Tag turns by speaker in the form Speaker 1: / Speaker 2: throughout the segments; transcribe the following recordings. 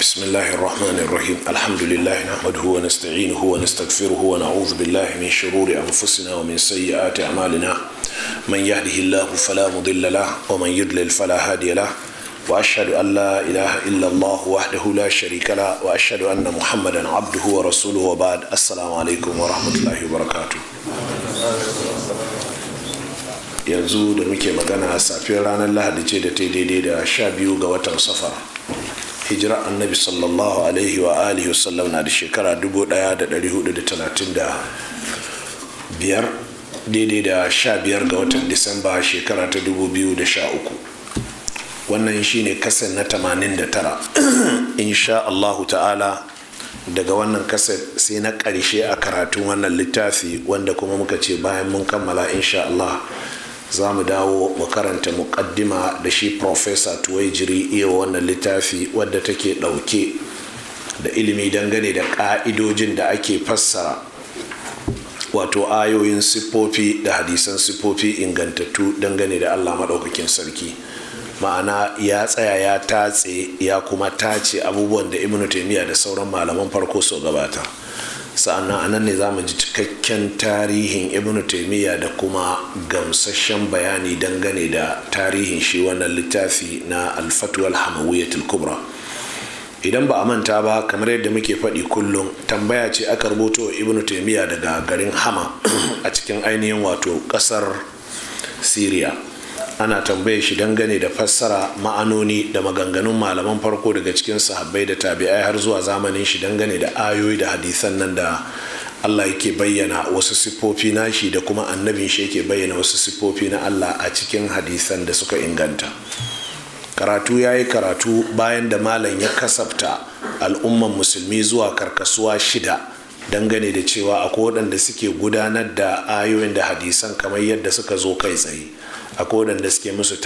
Speaker 1: بسم الله الرحمن الرحيم الحمد لله نحمده ونستعينه ونستغفره ونعوذ بالله من شرور أنفسنا ومن سيئات أعمالنا من يهده الله فلا مضل له ومن يضلل فلا هادي له وأشهد أن لا إله إلا الله وحده لا شريك له وأشهد أن محمدا عبده ورسوله وبعد السلام عليكم ورحمة الله وبركاته yanzu da muke magana safiyar ranar lahadi ce da ta daidai da sha biyu ga watan safar hijira annabi sallallahu alaihi wa alihi wasallam na da shekara 1435 daidai da 15 ga watan disamba shekara ta 2013 wannan shi ne kasar na 89 insha allahu ta'ala daga wannan kasar sai na ƙarshe a karatun wannan littafi wanda kuma muka ce bayan mun kammala insha allah za mu dawo mu karanta muƙaddima da shi profesa tuwaijiri iya wannan littafi wadda take ɗauke da ilimi dangane da ƙa'idojin da ake fassara wato ayoyin siffofi da hadisan siffofi ingantattu dangane da allah maɗaukakin sarki ma'ana ya tsaya ya tatse ya kuma tace abubuwan da ibnu taimiyya da sauran malaman farko so gabata sa'annan a ne za mu ji cikakken tarihin ibn taimiyya da kuma gamsasshen bayani dangane da tarihin shi wannan littafi na alfatuwal hamawiyyatul kubra idan ba a manta ba kamar yadda muke faɗi kullum tambaya ce aka rubuto ibn taimiyya daga garin hama a cikin ainihin wato ƙasar siriya. ana tambaye shi dangane da fassara ma'anoni da maganganun malaman farko daga cikin sahabbai da tabi'ai har zuwa zamanin shi dangane da ayoyi da hadisan nan da Allah yake bayyana wasu siffofi nashi da kuma annabin shi yake bayyana wasu siffofi na Allah a cikin hadisan da suka inganta karatu ya yi karatu bayan da malam ya kasafta al'umman musulmi zuwa karkasuwa shida dangane da cewa akwai waɗanda suke gudanar da ayoyin da hadisan kamar yadda suka zo kai tsaye akwai waɗanda suke musu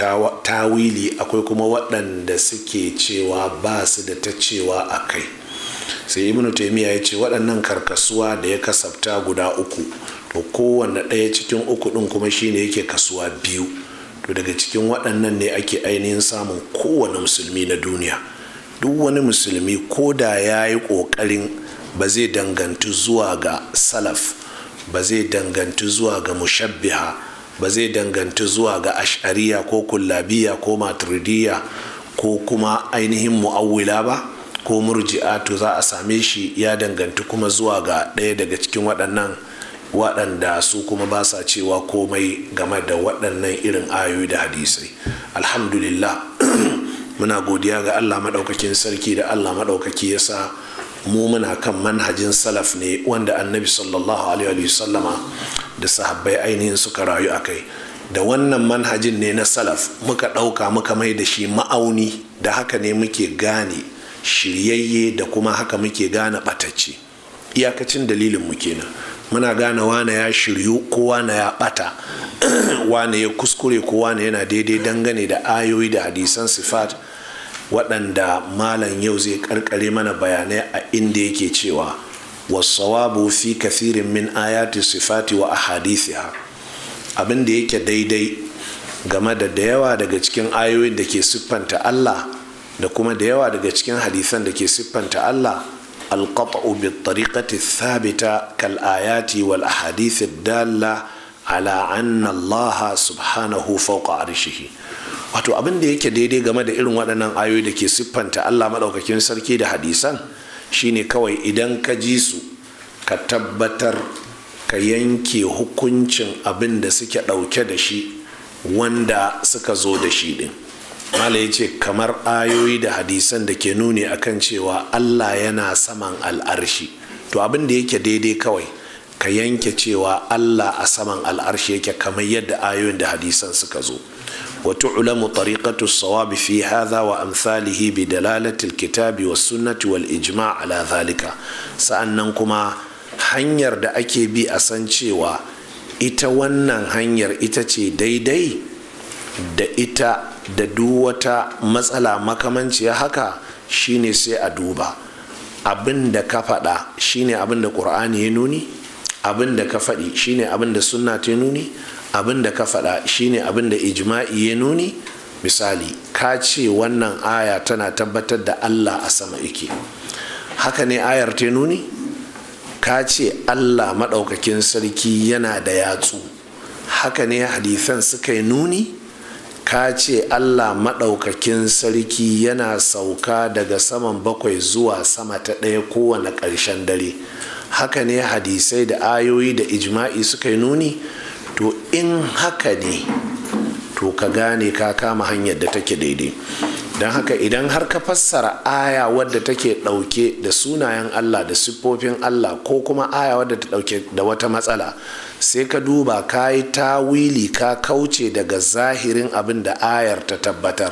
Speaker 1: tawili akwai kuma waɗanda suke cewa ba su da ta cewa a kai sai ibnu taimiyya ya ce waɗannan karkasuwa da ya kasafta guda uku to kowanne ɗaya cikin uku ɗin kuma shine yake kasuwa biyu to daga cikin waɗannan ne ake ainihin samun kowane musulmi na duniya duk wani musulmi ko da ya yi ƙoƙarin ba zai dangantu zuwa ga salaf ba zai dangantu zuwa ga mushabbiha ba zai danganta zuwa ga ash'ariya ko kullabiya ko maturidiya ko kuma ainihin mu'awwila ba ko murji'a to za a same shi ya danganci kuma zuwa ga ɗaya daga cikin waɗannan waɗanda su kuma ba sa cewa komai game da waɗannan irin ayoyi da hadisai alhamdulillah muna godiya ga allah maɗaukakin sarki da allah maɗaukaki ya sa mu muna kan manhajin salaf ne wanda annabi sallallahu alaihi sallama da sahabbai ainihin suka rayu a kai da wannan manhajin ne na salaf muka ɗauka muka mai da shi ma'auni da haka ne muke gane shiryayye da kuma haka muke gane ɓatacce iyakacin dalilin mu kenan muna gane wane ya shiryu ko wane ya ɓata wane ya kuskure ko wane yana daidai dangane da ayoyi da hadisan sifat waɗanda malam yau zai karkare mana bayanai a inda yake cewa wabu fi kafirin min ayati sifati wa ahadithiha abin da yake daidai game da da yawa daga cikin ayoyin da ke siffanta Allah da kuma da yawa daga cikin hadisan da ke siffanta Allah alqat'u bi tariqati sabita kal ayati wal ahadith dalla ala anna subhanahu fauƙa arshihi wato abin da yake daidai game da irin waɗannan ayoyi da ke siffanta allah maɗaukakin sarki da hadisan shine kawai idan ka ji su ka tabbatar ka yanke hukuncin abin da suke ɗauke da shi wanda suka zo da shi ɗin mala ya ce kamar ayoyi da hadisan da ke nuni akan cewa allah yana saman al'arshi to abin da yake daidai kawai ka yanke cewa allah a saman al'arshi yake kamar yadda ayoyin da hadisan suka zo وتعلم طريقة الصواب في هذا وأمثاله بدلالة الكتاب والسنة والإجماع على ذلك kuma hanyar da ake bi a san cewa ita wannan hanyar ita ce daidai da ita da duk wata matsala makamanci haka shine sai a duba abin da ka faɗa shine abin da ƙur'ani ya nuni abin da ka faɗi shine abin da sunna ta nuni abin da ka faɗa shine abin da ijma'i ya nuni misali ka ce wannan aya tana tabbatar da allah a sama yake haka ne ayar ta nuni ka ce allah maɗaukakin sarki yana da yatsu haka ne hadithan suka yi nuni ka ce allah maɗaukakin sarki yana sauka daga saman bakwai zuwa sama ta ɗaya kowane ƙarshen dare haka ne hadisai da ayoyi da ijma'i suka yi nuni to in haka ne to ka gane ka kama hanyar da take daidai don haka idan har ka fassara aya wadda take ɗauke da sunayen allah da siffofin allah ko kuma aya wadda ta ɗauke da wata matsala sai ka duba ka yi tawili ka kauce daga zahirin abin da ayar ta tabbatar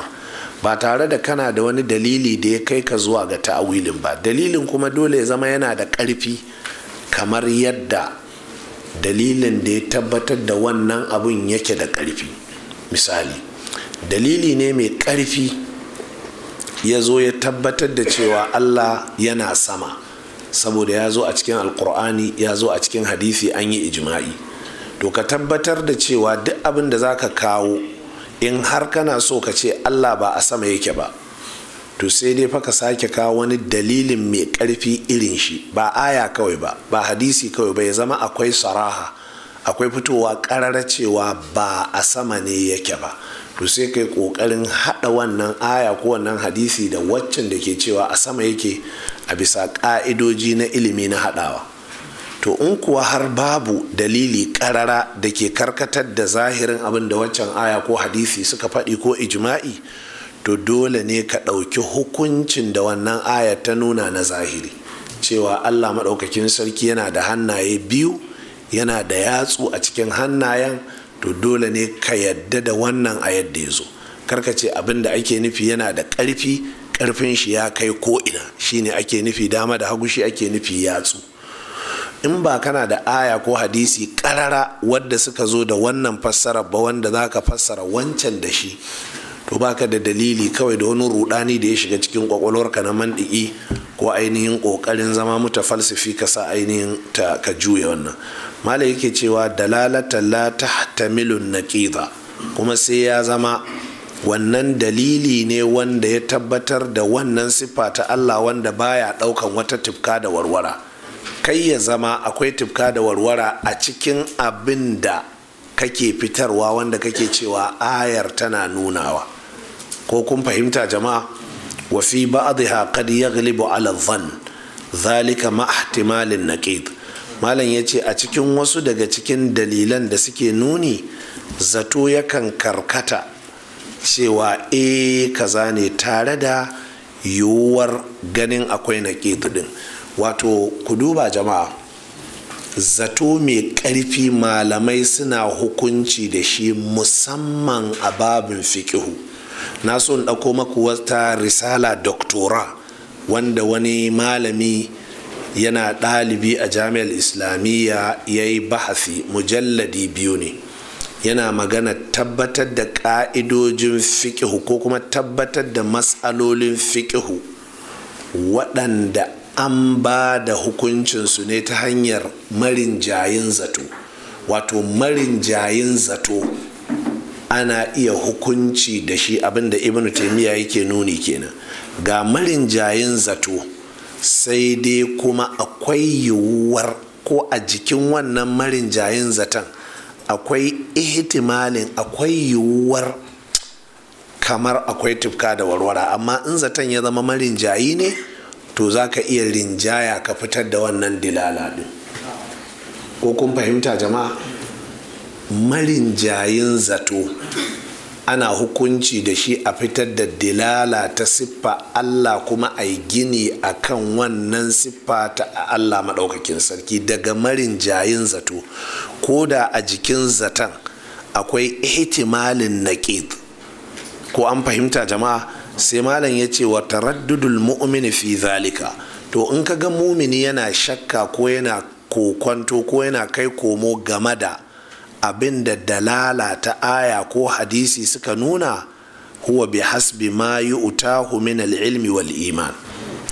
Speaker 1: ba tare da kana da wani dalili da ya kai ka zuwa ga ta'awilin ba dalilin kuma dole ya zama yana da ƙarfi kamar yadda dalilin da ya tabbatar da wannan abun yake da ƙarfi misali dalili ne mai ƙarfi ya zo ya tabbatar da cewa allah yana sama saboda ya zo a cikin alkur'ani ya zo a cikin hadisi an yi ijima'i to ka tabbatar da cewa duk abin da za ka kawo in har kana so ka ce allah ba a sama yake ba to sai dai fa ka sake kawo wani dalilin mai karfi irin shi ba aya kawai ba ba hadisi kawai ba ya zama akwai saraha akwai fitowa karara cewa ba a sama ne yake ba to sai kai kokarin hada wannan aya ko wannan hadisi da waccan da ke cewa a sama yake a bisa ka'idoji na ilimi na hadawa to in kuwa har babu dalili karara da ke karkatar da zahirin abin da waccan aya ko hadisi suka faɗi ko ijma'i to dole ne ka ɗauki hukuncin da wannan aya ta nuna na zahiri cewa allah maɗaukakin sarki yana da hannaye biyu yana da yatsu a cikin hannayen to dole ne ka yadda da wannan a yadda ya zo karka ce abin da ake nufi yana da ƙarfi ƙarfin shi ya kai ko'ina shine ake nufi dama da hagu shi ake nufi yatsu in ba kana da aya ko hadisi ƙarara wadda suka zo da wannan fassarar ba wanda za ka fassara wancan da shi to baka da dalili kawai da wani rudani da ya shiga cikin kwakwalwarka na mandiki ko ainihin kokarin zama muta falsifi ka sa ainihin ta ka juya wannan malam yake cewa dalalata la tahtamilun naqida kuma sai ya zama wannan dalili ne wanda ya tabbatar da wannan siffa ta Allah wanda baya daukan wata tifka da warwara kai ya zama akwai tifka da warwara a cikin abin da kake fitarwa wanda kake cewa ayar tana nunawa ko kun fahimta jama'a wa fi ba'dha qad yaghlibu 'ala dhann zalika ma ihtimalin naqid malam yace a cikin wasu daga cikin dalilan da suke nuni zato yakan karkata cewa e kaza ne tare da yiwuwar ganin akwai naqid din wato ku duba jama'a zato mai ƙarfi malamai suna hukunci da shi musamman a babin fiƙihu na so in ɗauko maku wata risala doctora wanda wani malami yana ɗalibi a jami'ar islamiyya ya yi bahasi mujalladi biyu ne yana magana tabbatar da ƙa'idojin fiƙihu ko kuma tabbatar da matsalolin fiƙihu waɗanda an ba da hukuncinsu ne ta hanyar marin jayin zato wato marin jayin zato ana iya hukunci da shi abinda Ibn taimiyya yake nuni kenan ga marinjayin zato sai dai kuma akwai yiwuwar ko a jikin wannan marinjayin zaton akwai ihtimalin akwai yiwuwar kamar akwai tufka da warwara amma in zaton ya zama marinjayi ne to za ka iya rinjaya ka fitar da wannan dilala ko kun fahimta jama'a marinjayin zato ana hukunci da shi a fitar da dilala ta siffa Allah kuma a yi gini a kan wannan siffa ta Allah maɗaukakin sarki daga marin jayin zato ko da a jikin zaton akwai ihtimalin naqid ko an fahimta jama'a sai malam ya ce wa taraddudul mu'mini fi zalika to in ka ga mumini yana shakka ko yana kokonto ko yana kai komo game da abin da dalala ta aya ko hadisi suka nuna huwa bi hasbi ma yi min al-ilmi wal iman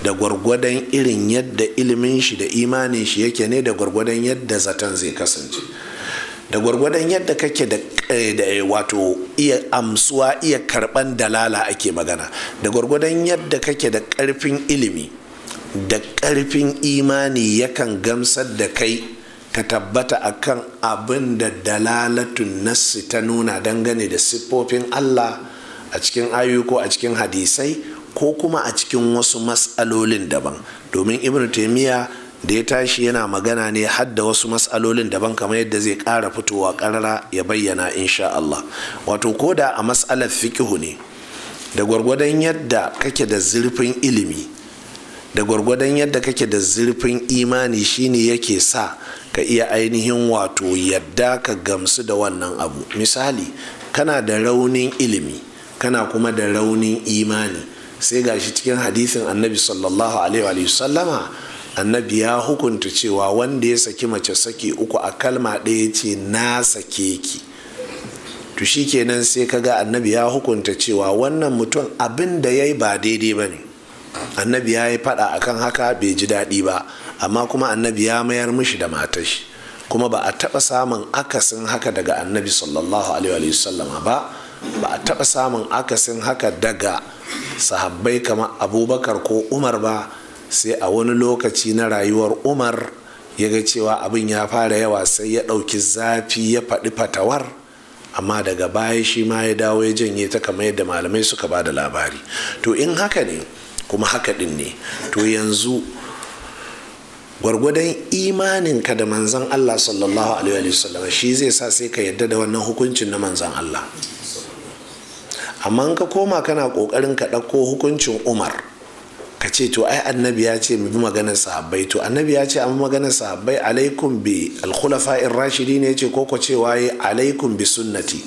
Speaker 1: da gwargwadon irin yadda ilimin shi da imanin shi yake ne da gwargwadon yadda zaton zai kasance da gwargwadon yadda kake da eh, eh, wato iya amsuwa iya karban dalala ake magana da gwargwadon yadda kake da karfin ilimi da karfin imani yakan gamsar da kai ka tabbata a kan abin da dalalatun nassi ta nuna dangane da siffofin Allah a cikin ayu ko a cikin hadisai ko kuma a cikin wasu matsalolin daban domin ibn taimiyya da ya tashi yana magana ne hadda wasu matsalolin daban kamar yadda zai ƙara fitowa karara ya bayyana insha Allah wato ko da a matsalar fikihu ne da gwargwadon yadda kake da zurfin ilimi da gwargwadon yadda kake da zurfin imani shine yake sa ka iya ainihin wato yadda ka gamsu da wannan abu misali kana da raunin ilimi kana kuma da raunin imani sai gashi cikin hadisin annabi sallallahu alaihi sallama annabi ya hukunta cewa wanda ya saki mace saki uku a kalma ɗaya ce na sake ki to kenan sai kaga annabi ya hukunta cewa wannan mutum abin da ya yi ba daidai ba ne annabi ya yi faɗa akan haka bai ji daɗi ba amma kuma annabi ya mayar mishi da matashi kuma ba a taɓa samun akasin haka daga annabi sallallahu alaihi wasallama ba ba a taɓa samun akasin haka daga sahabbai kamar abubakar ko umar ba sai a wani lokaci na rayuwar umar ya ga cewa abin ya fara yawa sai ya ɗauki zafi ya faɗi fatawar amma daga baya shi ma ya dawo ya janye ta kamar yadda malamai suka ba da labari to in haka ne kuma haka din ne to yanzu gwargwadon imaninka da manzan Allah sallallahu alaihi wasallam shi zai sa sai ka yadda da wannan hukuncin na manzan Allah amma ka koma kana kokarin ka ɗauko hukuncin Umar ka ce to ai annabi ya ce bi maganar sahabbai to annabi ya ce an maganar sahabbai alaikum bi alkhulafa rashidi ne yace koko ce waye alaikum bi sunnati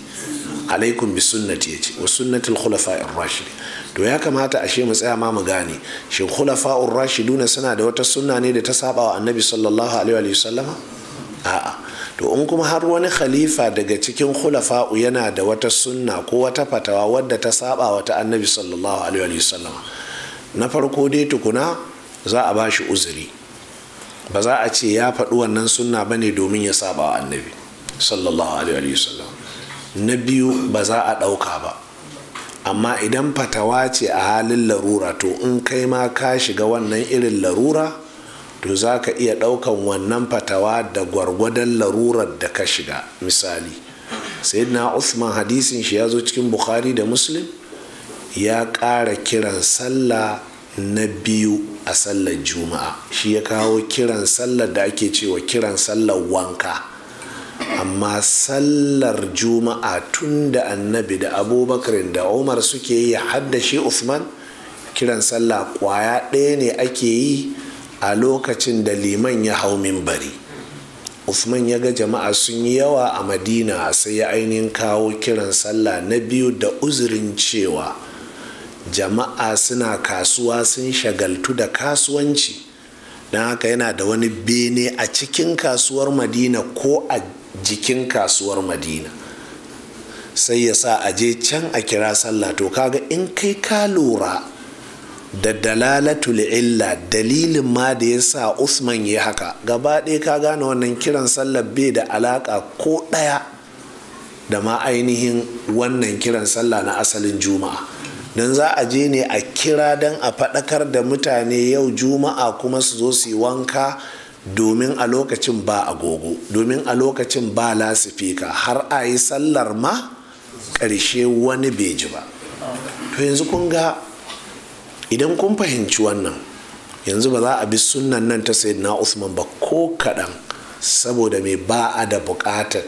Speaker 1: alaikum bi sunnati yace wa sunnatul khulafa rashidi to ya kamata ashe mu tsaya ma mu gane shin khulafa'ur rashiduna suna da wata sunna ne da ta saba wa annabi sallallahu alaihi wa sallama a'a to in kuma har wani khalifa daga cikin khulafa'u yana da wata sunna ko wata fatawa wadda ta saba wa ta annabi sallallahu alaihi wa sallama na farko dai tukuna za a bashi uzuri ba za a ce ya faɗi wannan sunna bane domin ya saba wa annabi sallallahu alaihi wa sallam na biyu ba za a ɗauka ba amma idan fatawa ce a halin larura to in kai ma ka shiga wannan irin larura to za ka iya ɗaukan wannan fatawa da gwargwadon larurar da ka shiga misali sayyidina usman hadisin shi ya zo cikin bukhari da muslim ya ƙara kiran sallah na biyu a sallar juma'a shi ya kawo kiran sallar da ake cewa kiran sallar wanka amma sallar juma'a tun da annabi da abubakar da umar suke yi haddashi usman kiran sallah kwaya ɗaya ne ake yi a lokacin da liman ya hau minbari usman ya ga jama'a sun yi yawa a madina sai ya ainihin kawo kiran sallah na biyu da uzurin cewa jama'a suna kasuwa sun shagaltu da kasuwanci don haka yana da wani bene a cikin kasuwar madina ko a jikin kasuwar madina sai ya sa a je can a kira sallah to kaga in kai ka lura da dalalatul illa dalilin ma da ya sa usman ya haka gaba ɗaya ka gane wannan kiran sallah bai da alaka ko ɗaya da ma ainihin wannan kiran sallah na asalin juma'a don za a je ne a kira don a faɗakar da mutane yau juma'a kuma su zo su yi wanka domin a lokacin ba agogo domin a lokacin ba lasifika har a yi sallar ma ƙarshe wani bai ji ba to yanzu kun ga idan kun fahimci wannan yanzu ba za a bi sunan nan ta na usman ba ko kaɗan saboda mai ba a da buƙatar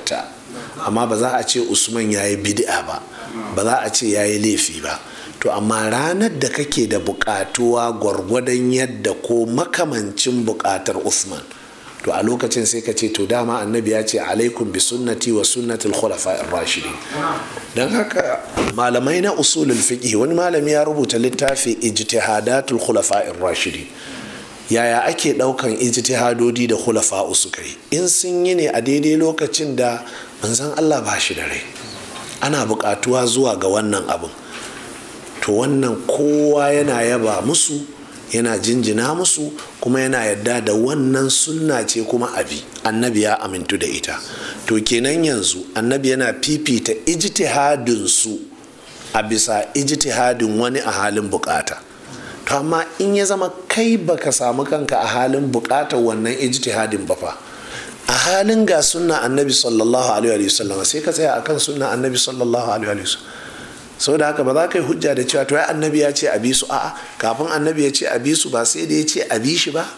Speaker 1: amma ba za a ce usman ya yi bid'a ba ba za a ce ya yi laifi ba to amma ranar da kake da bukatuwa gwargwadon yadda ko makamancin bukatar usman to a lokacin sai ka ce to dama annabi ya ce alaikum bi sunnati wa sunnatul khulafa rashidi dan haka malamai na usulul fiqh wani malami ya rubuta littafi ijtihadatul khulafa rashidi yaya ake daukan ijtihadodi da khulafa usukai yi in sun yi ne a daidai lokacin da manzon Allah ba shi da rai ana bukatuwa zuwa ga wannan abin to wannan kowa yana yaba musu yana jinjina musu kuma yana yadda da wannan sunna ce kuma abi annabi ya amintu da ita to kenan yanzu annabi yana fifita ijtihadin su a bisa ijtihadin wani a halin bukata to amma in ya zama kai baka samu kanka a halin bukatar wannan ijtihadin ba fa a halin ga sunna annabi sallallahu alaihi wasallam sai ka tsaya akan sunna annabi sallallahu alaihi wasallam sau da haka ba za ka yi hujja da cewa to ya annabi ya ce a bi su a'a kafin annabi ya ce a bi su ba sai da ya ce a bi shi ba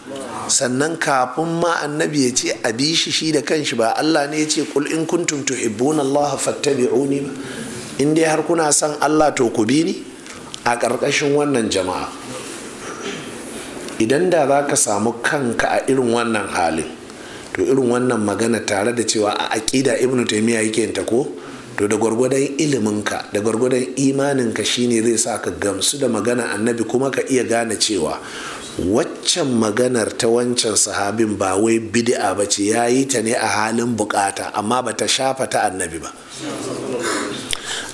Speaker 1: sannan kafin ma annabi ya ce a bi shi shi da kanshi ba Allah ne ya ce kul in kuntum tuhibbuna Allah fattabi'uni ba in dai har kuna san Allah to ku bi ni a karkashin wannan jama'a idan da za ka samu kanka a irin wannan halin to irin wannan magana tare da cewa a aƙida ibnu taymiya yake ta ko to da gwargwadon iliminka da gwargwadon imaninka shine zai sa ka gamsu da magana annabi kuma ka iya gane cewa waccan maganar ta wancan sahabin ba wai bid'a ba ce ya yi ta ne a halin bukata amma ba ta shafa ta annabi ba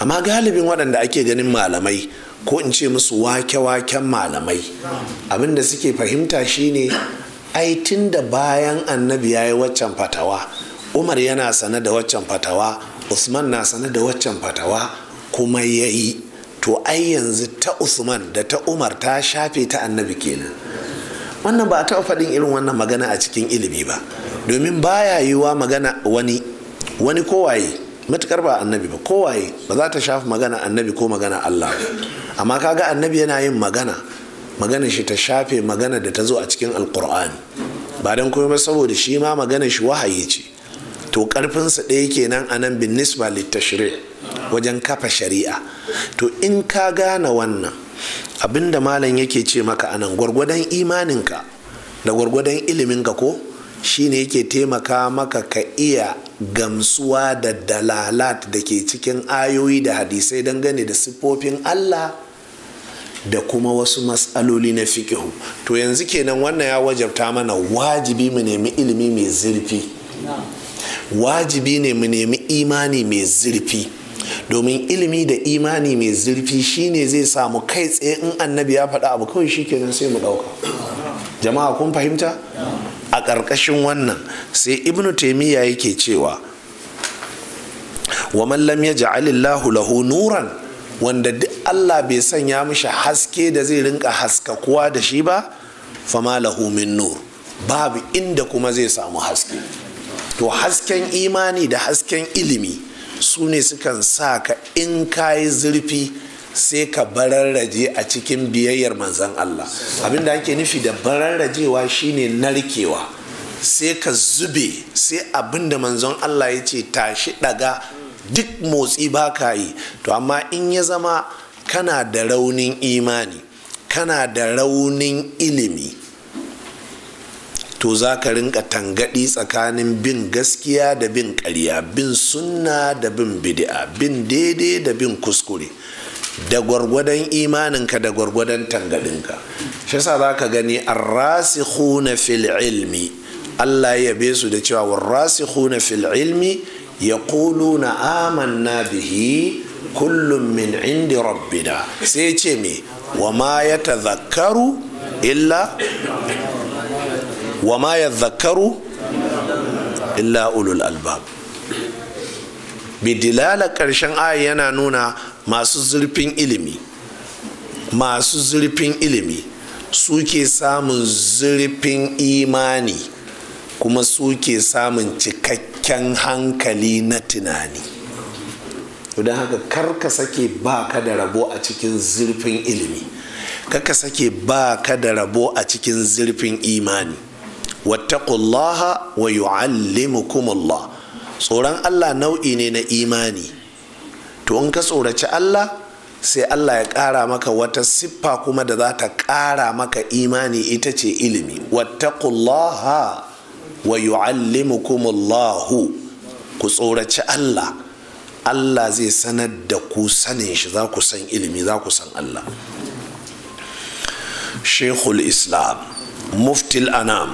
Speaker 1: amma galibin waɗanda ake ganin malamai ko in ce musu wake-waken malamai abin da suke fahimta shine ai tun da bayan annabi ya yi waccan fatawa umar yana sane da waccan fatawa usman na sanar da waccan fatawa kuma ya yi to ai yanzu ta usman da ta umar ta shafe ta annabi kenan wannan ba a taɓa faɗin irin wannan magana a cikin ilimi ba domin baya yiwuwa magana wani wani kowaye matukar ba annabi ba kowaye ba za ta shafi magana annabi ko magana allah amma kaga annabi yana yin magana magana shi ta shafe magana da ta zo a cikin alkur'ani ba don kuma saboda shi ma magana shi wahayi ce to karfinsa ɗaya kenan a nan bin nisba littashiri wajen kafa shari'a to in ka gane wannan abinda malam yake ce maka a nan gwargwadon imaninka da gwargwadon iliminka ko shine yake taimaka maka ka iya gamsuwa da dalalat da ke cikin ayoyi da hadisai dangane da siffofin Allah da kuma wasu matsaloli na fikihu to yanzu kenan wannan ya wajabta mana wajibi mu nemi ilimi mai zurfi wajibi ne mu nemi imani mai zurfi domin ilimi da imani mai zurfi shine zai samu kai tsaye in annabi ya faɗa abu kawai kenan sai mu ɗauka jama'a kun fahimta a ƙarƙashin wannan sai ibnu taimiyya yake cewa wa lam yaj'al lahu nuran wanda duk Allah bai sanya mishi haske da zai rinka haska kuwa da shi ba fama lahu min nur babu inda kuma zai samu haske to hasken imani da hasken ilimi su ne sukan sa ka in kayi zurfi sai ka bararraje a cikin biyayyar manzan Allah abinda ake nufi da bararrajewa shine narkewa sai ka zube sai abinda manzon Allah ya ce tashi daga duk motsi ba ka yi to amma in ya zama kana da raunin imani kana da raunin ilimi to za ka rinka tangaɗi tsakanin bin gaskiya da bin ƙarya bin sunna da bin bidi'a, bin daidai da bin kuskure da gwargwadon imaninka da gwargwadon tangaɗinka shi sa za ka gani arrasikhuna fil ilmi Allah ya yabe su da cewa warrasikhuna fil ilmi na amanna bihi kullum min indi rabbina sai ce me wa ma ya zakaru illa wa ma zakaru illa ulul albab bidilala ƙarshen aya yana nuna masu zurfin ilimi masu zurfin ilimi suke samun zurfin imani kuma suke samun cikakken hankali na tunani don haka karka sake ba ka da rabo a cikin zurfin ilimi kar ka sake ba ka da rabo a cikin zurfin imani wattaqullaha wa yu'allimukumullah tsoron Allah nau'i ne na imani to in ka tsoraci Allah sai Allah ya ƙara maka wata siffa kuma da za ta ƙara maka imani ita ce ilimi wattaqullaha wa yu'allimukumullah ku tsoraci Allah Allah zai sanar da ku sanin shi za ku san ilimi za ku san Allah Sheikhul Islam muftil anam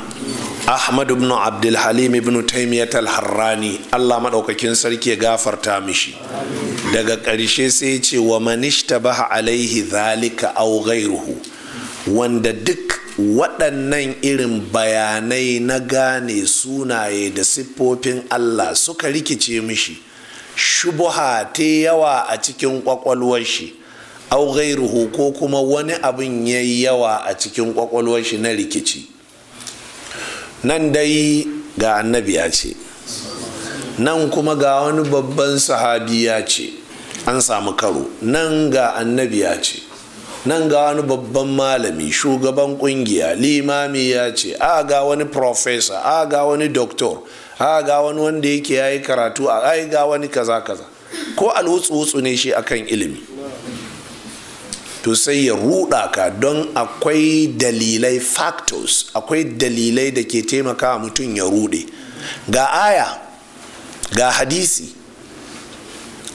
Speaker 1: ahmad ibn abdulhalim ibn taimiyat al allah maɗaukakin sarki ya gafarta mishi daga ƙarshe sai ce wa manishta baha alaihi zalika au ghairuhu wanda duk waɗannan irin bayanai na gane sunaye da siffofin allah suka rikice mishi shubuha ta yawa a cikin ƙwaƙwalwar shi au ghairuhu ko kuma wani abin ya yi yawa a cikin kwakwalwar shi na rikici nan dai ga annabi ya ce nan kuma ga wani babban sahabi ya ce an samu karo nan ga annabi ya ce nan ga wani babban malami shugaban kungiya limami ya ce a ga wani profesa a ga wani doktor a ga wani wanda yake ya yi karatu a ga wani kaza kaza ko alwutsu ne shi akan ilimi to sai ya ruɗa ka don akwai dalilai factors akwai dalilai da ke taimaka mutum ya ruɗe ga aya ga hadisi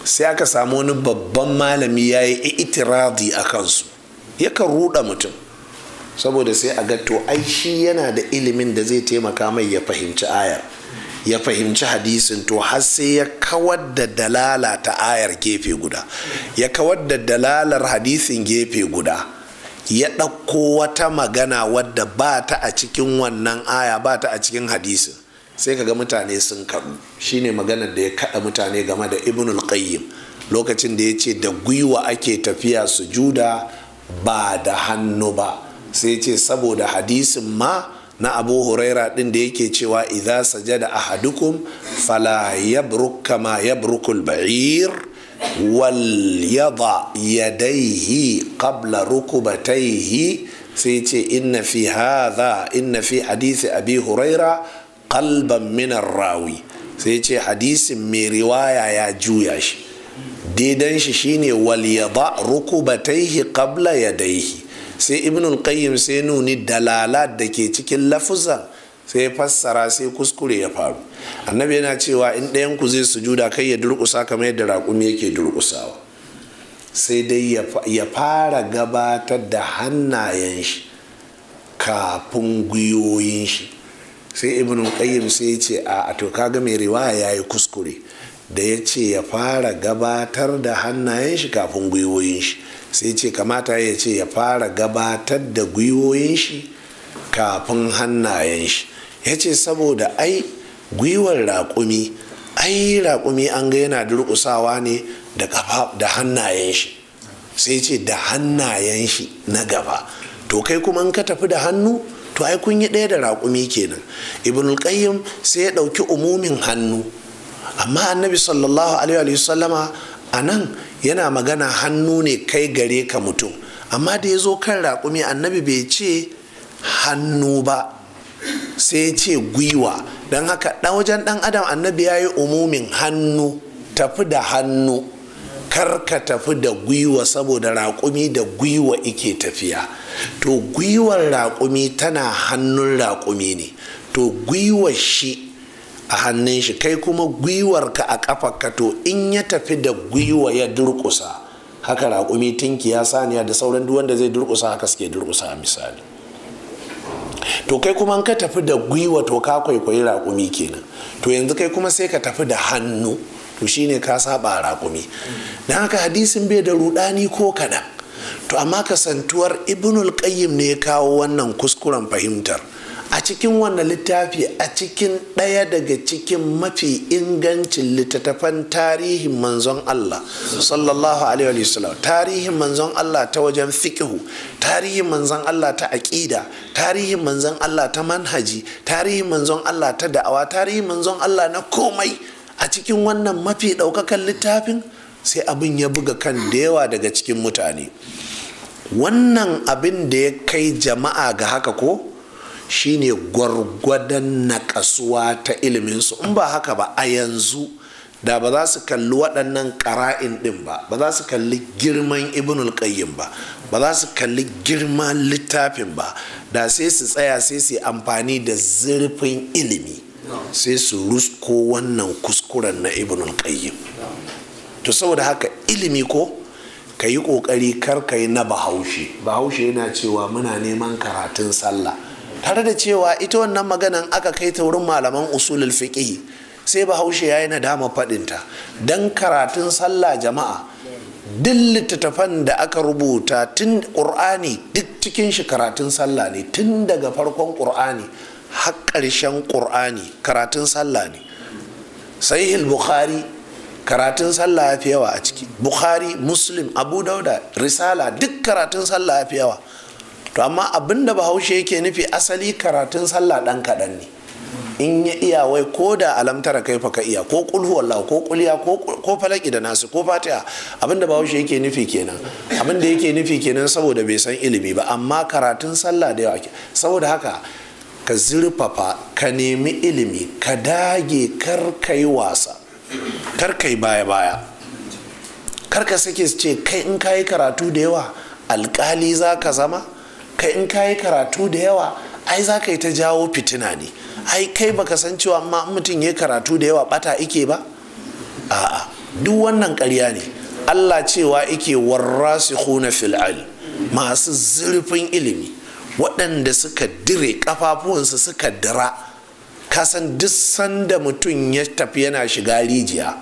Speaker 1: sai aka samu wani babban malami ya yi itiradi a kansu yakan ruɗa mutum saboda sai a ga to ai shi yana da ilimin da zai taimaka mai ya fahimci ayar ya fahimci hadisin to har sai ya kawar da dalala ta ayar gefe guda ya kawar da dalalar hadisin gefe guda ya ɗauko wata magana wadda ba ta a cikin wannan aya ba ta a cikin hadisin sai ka ga mutane sun karu shine maganar da ya kaɗa mutane game da ibnul qayyim lokacin da ya ce da gwiwa ake tafiya sujuda ba da hannu ba sai ce saboda hadisin ma na abu huraira din da yake cewa idza sajada ahadukum fala yabruk kama yabrukul ba'ir wal yada yadaihi qabla rukubataihi sai ce inna fi hadha inna fi hadisi abi huraira qalban min rawi sai ce hadisin mai riwaya ya juya shi daidan shi shine wal yada rukubataihi qabla yadaihi sai ibnul qayyim sai nuni dalala da ke cikin lafuzan sai ya fassara sai kuskure ya faru annabi yana cewa in ɗayan ku zai sujuda kai ya durƙusa kamar yadda raƙumi yake durƙusawa sai dai ya fara gabatar da hannayen shi kafin gwiwoyin shi sai ibn qayyim sai ya ce a to kaga mai riwaya ya yi kuskure da ya ce ya fara gabatar da hannayen shi kafin gwiwoyin shi sai ce kamata ya ce ya fara gabatar da gwiwoyin shi kafin hannayen shi ya ce saboda ai gwiwar raƙumi ai raƙumi an ga yana durƙusawa ne da hannayen shi sai ce da hannayen shi na gaba to kai kuma in ka tafi da hannu to ai kun yi ɗaya da raƙumi kenan ibn qayyim sai ya ɗauki umumin hannu amma annabi sallallahu alaihi wa sallama a nan yana magana hannu ne kai gare ka mutum amma da ya zo kan raƙumi annabi bai ce hannu ba sai ya ce gwiwa don haka ɗan wajen ɗan adam annabi ya yi umumin hannu tafi da hannu kar ka tafi da gwiwa saboda raƙumi da gwiwa ike tafiya to gwiwar raƙumi tana hannun raƙumi ne to gwiwar shi a hannun shi kai kuma gwiwarka a kafarka to in ya tafi da gwiwa ya durkusa haka raƙumi tinki ya saniya da sauran duk wanda zai durkusa haka suke durkusa a misali to kai kuma ka tafi da gwiwa to ka kwaikwayi raƙumi kenan to yanzu kai kuma sai ka tafi da hannu to shine ka saba raƙumi don haka hadisin bai da rudani ko kaɗan to amma kasantuwar ibnul qayyim ne ya kawo wannan kuskuren fahimtar a cikin wannan littafi a cikin ɗaya daga cikin mafi ingancin littattafan tarihin manzon Allah sallallahu alaihi wasallam tarihin manzon Allah ta wajen fikihu tarihin manzon Allah ta aƙida tarihin manzon Allah ta manhaji tarihin manzon Allah ta da'awa tarihin manzon Allah na komai a cikin wannan mafi ɗaukakan littafin sai abin ya buga kan da yawa daga cikin mutane wannan abin da ya kai jama'a ga haka ko shine gwargwadon naƙasuwa ta iliminsu in ba haka ba a yanzu da ba za su kalli waɗannan ƙara'in ɗin ba ba za su kalli girman ibnul qayyim ba ba za su kalli girman littafin ba da sai su tsaya sai su yi amfani da zurfin ilimi sai su rusko wannan kuskuren na ibnul qayyim to saboda haka ilimi ko ka yi ƙoƙari kar ka yi na bahaushe bahaushe yana cewa muna neman karatun sallah tare da cewa ita wannan maganan aka kai ta wurin malaman usulul fiqh sai bahaushe ya yi nadama faɗinta don karatun sallah jama'a duk littattafan da aka rubuta tun ƙur'ani duk cikin shi karatun sallah ne tun daga farkon ƙur'ani har ƙarshen ƙur'ani karatun sallah ne sahihul bukhari karatun sallah ya fi yawa a ciki bukhari muslim abu dauda risala duk karatun sallah ya fi yawa to amma abin da bahaushe yake nufi asali karatun sallah ɗan kaɗan ne in ya iya wai ko da alamtara kai ka iya ko kulhu wallahu ko kuliya ko falaki da nasu ko fatiha abin da bahaushe yake nufi kenan abin da yake nufi kenan saboda bai san ilimi ba amma karatun sallah da yawa saboda haka ka zurfafa ka nemi ilimi ka dage karkai wasa kar karkai baya baya karka sake ce kai in yi karatu da yawa alkali za ka zama Ka in ka yi karatu da yawa ai za ka yi ta jawo fitina ne ai kai baka san cewa amma mutum ya karatu da yawa bata ike ba a'a duk wannan ƙarya ne allah cewa ike su fil fil'al masu zurfin ilimi waɗanda suka dire kafafuwansu suka dira kasan duk sanda mutum ya tafi yana shiga rijiya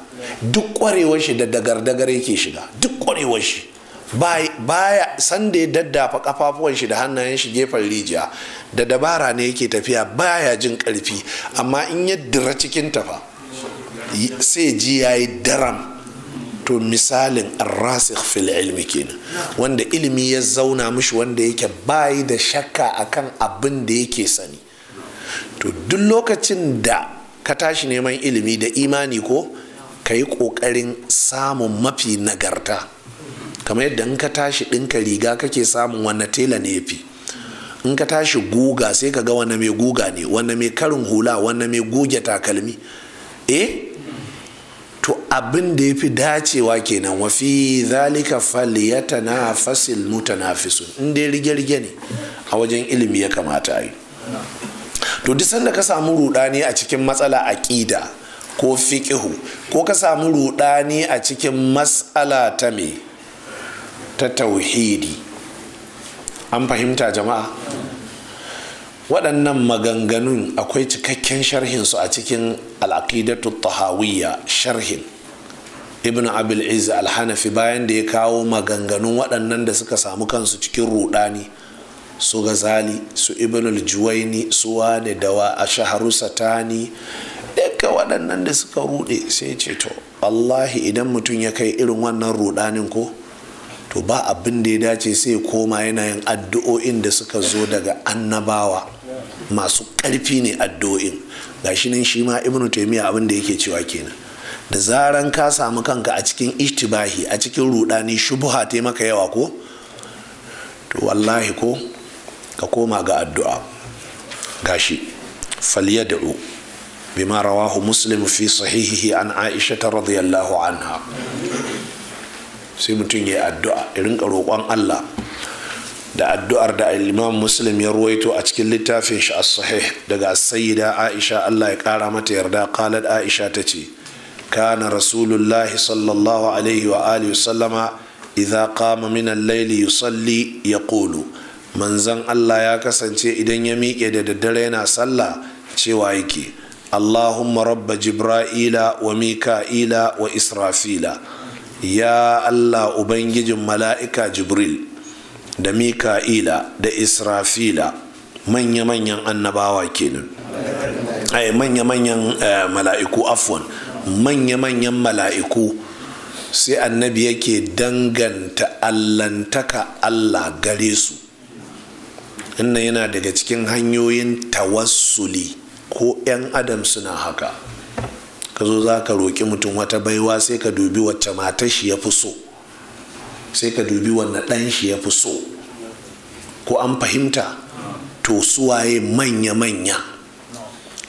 Speaker 1: duk ƙwarewar shi da dagar-dagar yake shiga duk ƙwarewar shi baya sanda ya daddafa kafafuwan shi da hannayen shi gefen rijiya da dabara ne yake tafiya baya jin karfi amma in ya dira cikin tafa sai ji yi daram to misalin arrasik fil ilmi kenan wanda ilimi ya zauna mishi wanda yake bayi da shakka akan abin da yake sani to duk lokacin da ka tashi neman ilimi da imani ko ka yi ƙoƙarin samun mafi nagarta kamar yadda in ka tashi ɗinka riga kake samun wanne tela ne fi in ka tashi guga sai ka ga wanne mai guga ne wanne mai karin hula wanne mai goge takalmi eh to abin da ya fi dacewa kenan wafi zalika faliyata na fi mutanafisun in dai rige-rige ne a wajen ilimi ya kamata yi to duk sanda ka samu rudani a cikin matsala aƙida ko fiƙihu ko ka samu rudani a cikin matsala ta me ta tauhidi an fahimta jama'a waɗannan maganganun akwai cikakken sharhinsu a cikin al'aqidatu tahawiyya sharhin ibn abil iz al-hanafi bayan da ya kawo maganganun waɗannan da suka samu kansu cikin rudani su gazali su ibn al-juwaini su wane dawa a shaharu satani daga waɗannan da suka rude sai ce to wallahi idan mutum ya kai irin wannan rudanin ko to ba abin da ya dace sai koma yanayin addu'o'in da suka zo daga annabawa masu ƙarfi ne addu'o'in gashi nan shi ma ibnu taimiyya abin da yake cewa kenan da zaran ka samu kanka a cikin ishtibahi a cikin rudani shubuha ta maka yawa ko to wallahi ko ka koma ga addu'a gashi falyad'u bima rawahu muslim fi sahihihi an aisha radiyallahu anha sai mutum ya yi addu'a irin roƙon Allah da addu'ar da imam muslim ya ruwaito a cikin littafin shi as-sahih daga sayyida aisha Allah ya ƙara mata yarda qalat aisha ta tace kana rasulullah sallallahu alaihi wa alihi sallama idza qama min al-layl yusalli yaqulu manzon Allah ya kasance idan ya miƙe da daddare yana sallah cewa yake Allahumma rabba jibra'ila wa mika'ila wa israfila ya allah ubangijin mala'ika jibril da mika'ila da israfila manya-manyan annabawa kenan ai manya-manyan eh, mala'iku afwan manya-manyan mala'iku sai annabi yake danganta allantaka allah gare su inna yana daga cikin hanyoyin tawassuli ko 'yan adam suna haka ka zo za ka roƙi mutum wata baiwa sai ka dubi wacce matar shi ya fi so sai ka dubi wanne ɗan shi ya fi so ko an fahimta to suwaye manya-manya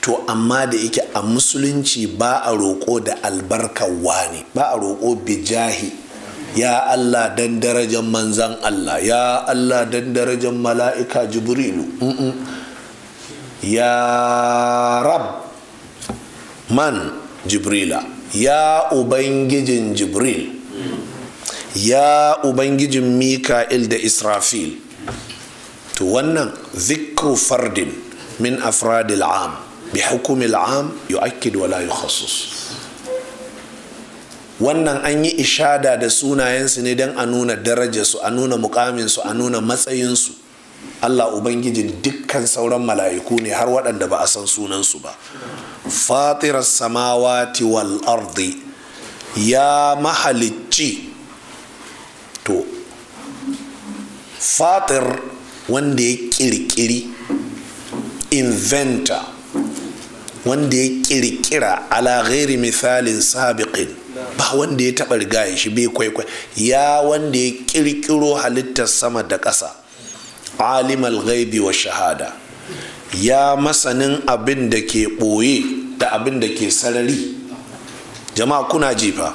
Speaker 1: to amma da yake a musulunci ba a roƙo da albarkar wani ba a roƙo bijahi ya Allah dan darajar manzan Allah ya Allah dan darajar mala'ika jibrilu ya rab man jibrila ya ubangijin jibril ya ubangijin mika'il da israfil to wannan zikru fardin min afradil am bi hukumil am da wala yukhassus wannan an yi ishada da sunayensu ne don a nuna darajarsu a nuna mukaminsu a nuna matsayinsu Allah Ubangijin dukkan sauran mala'iku ne har waɗanda ba a san sunansu ba. Fatirar samawati wal ardi ya mahalicci to fatir wanda ya kirkiri inventor wanda ya ƙirƙira ala ghairi misalin sabiqin ba wanda ya taɓa riga shi bai kwaikwai ya wanda ya ƙirƙiro halittar sama da ƙasa alimal ghaibi wa shahada ya masanin abin da ke ɓoye da abin da ke sarari jama'a kuna jifa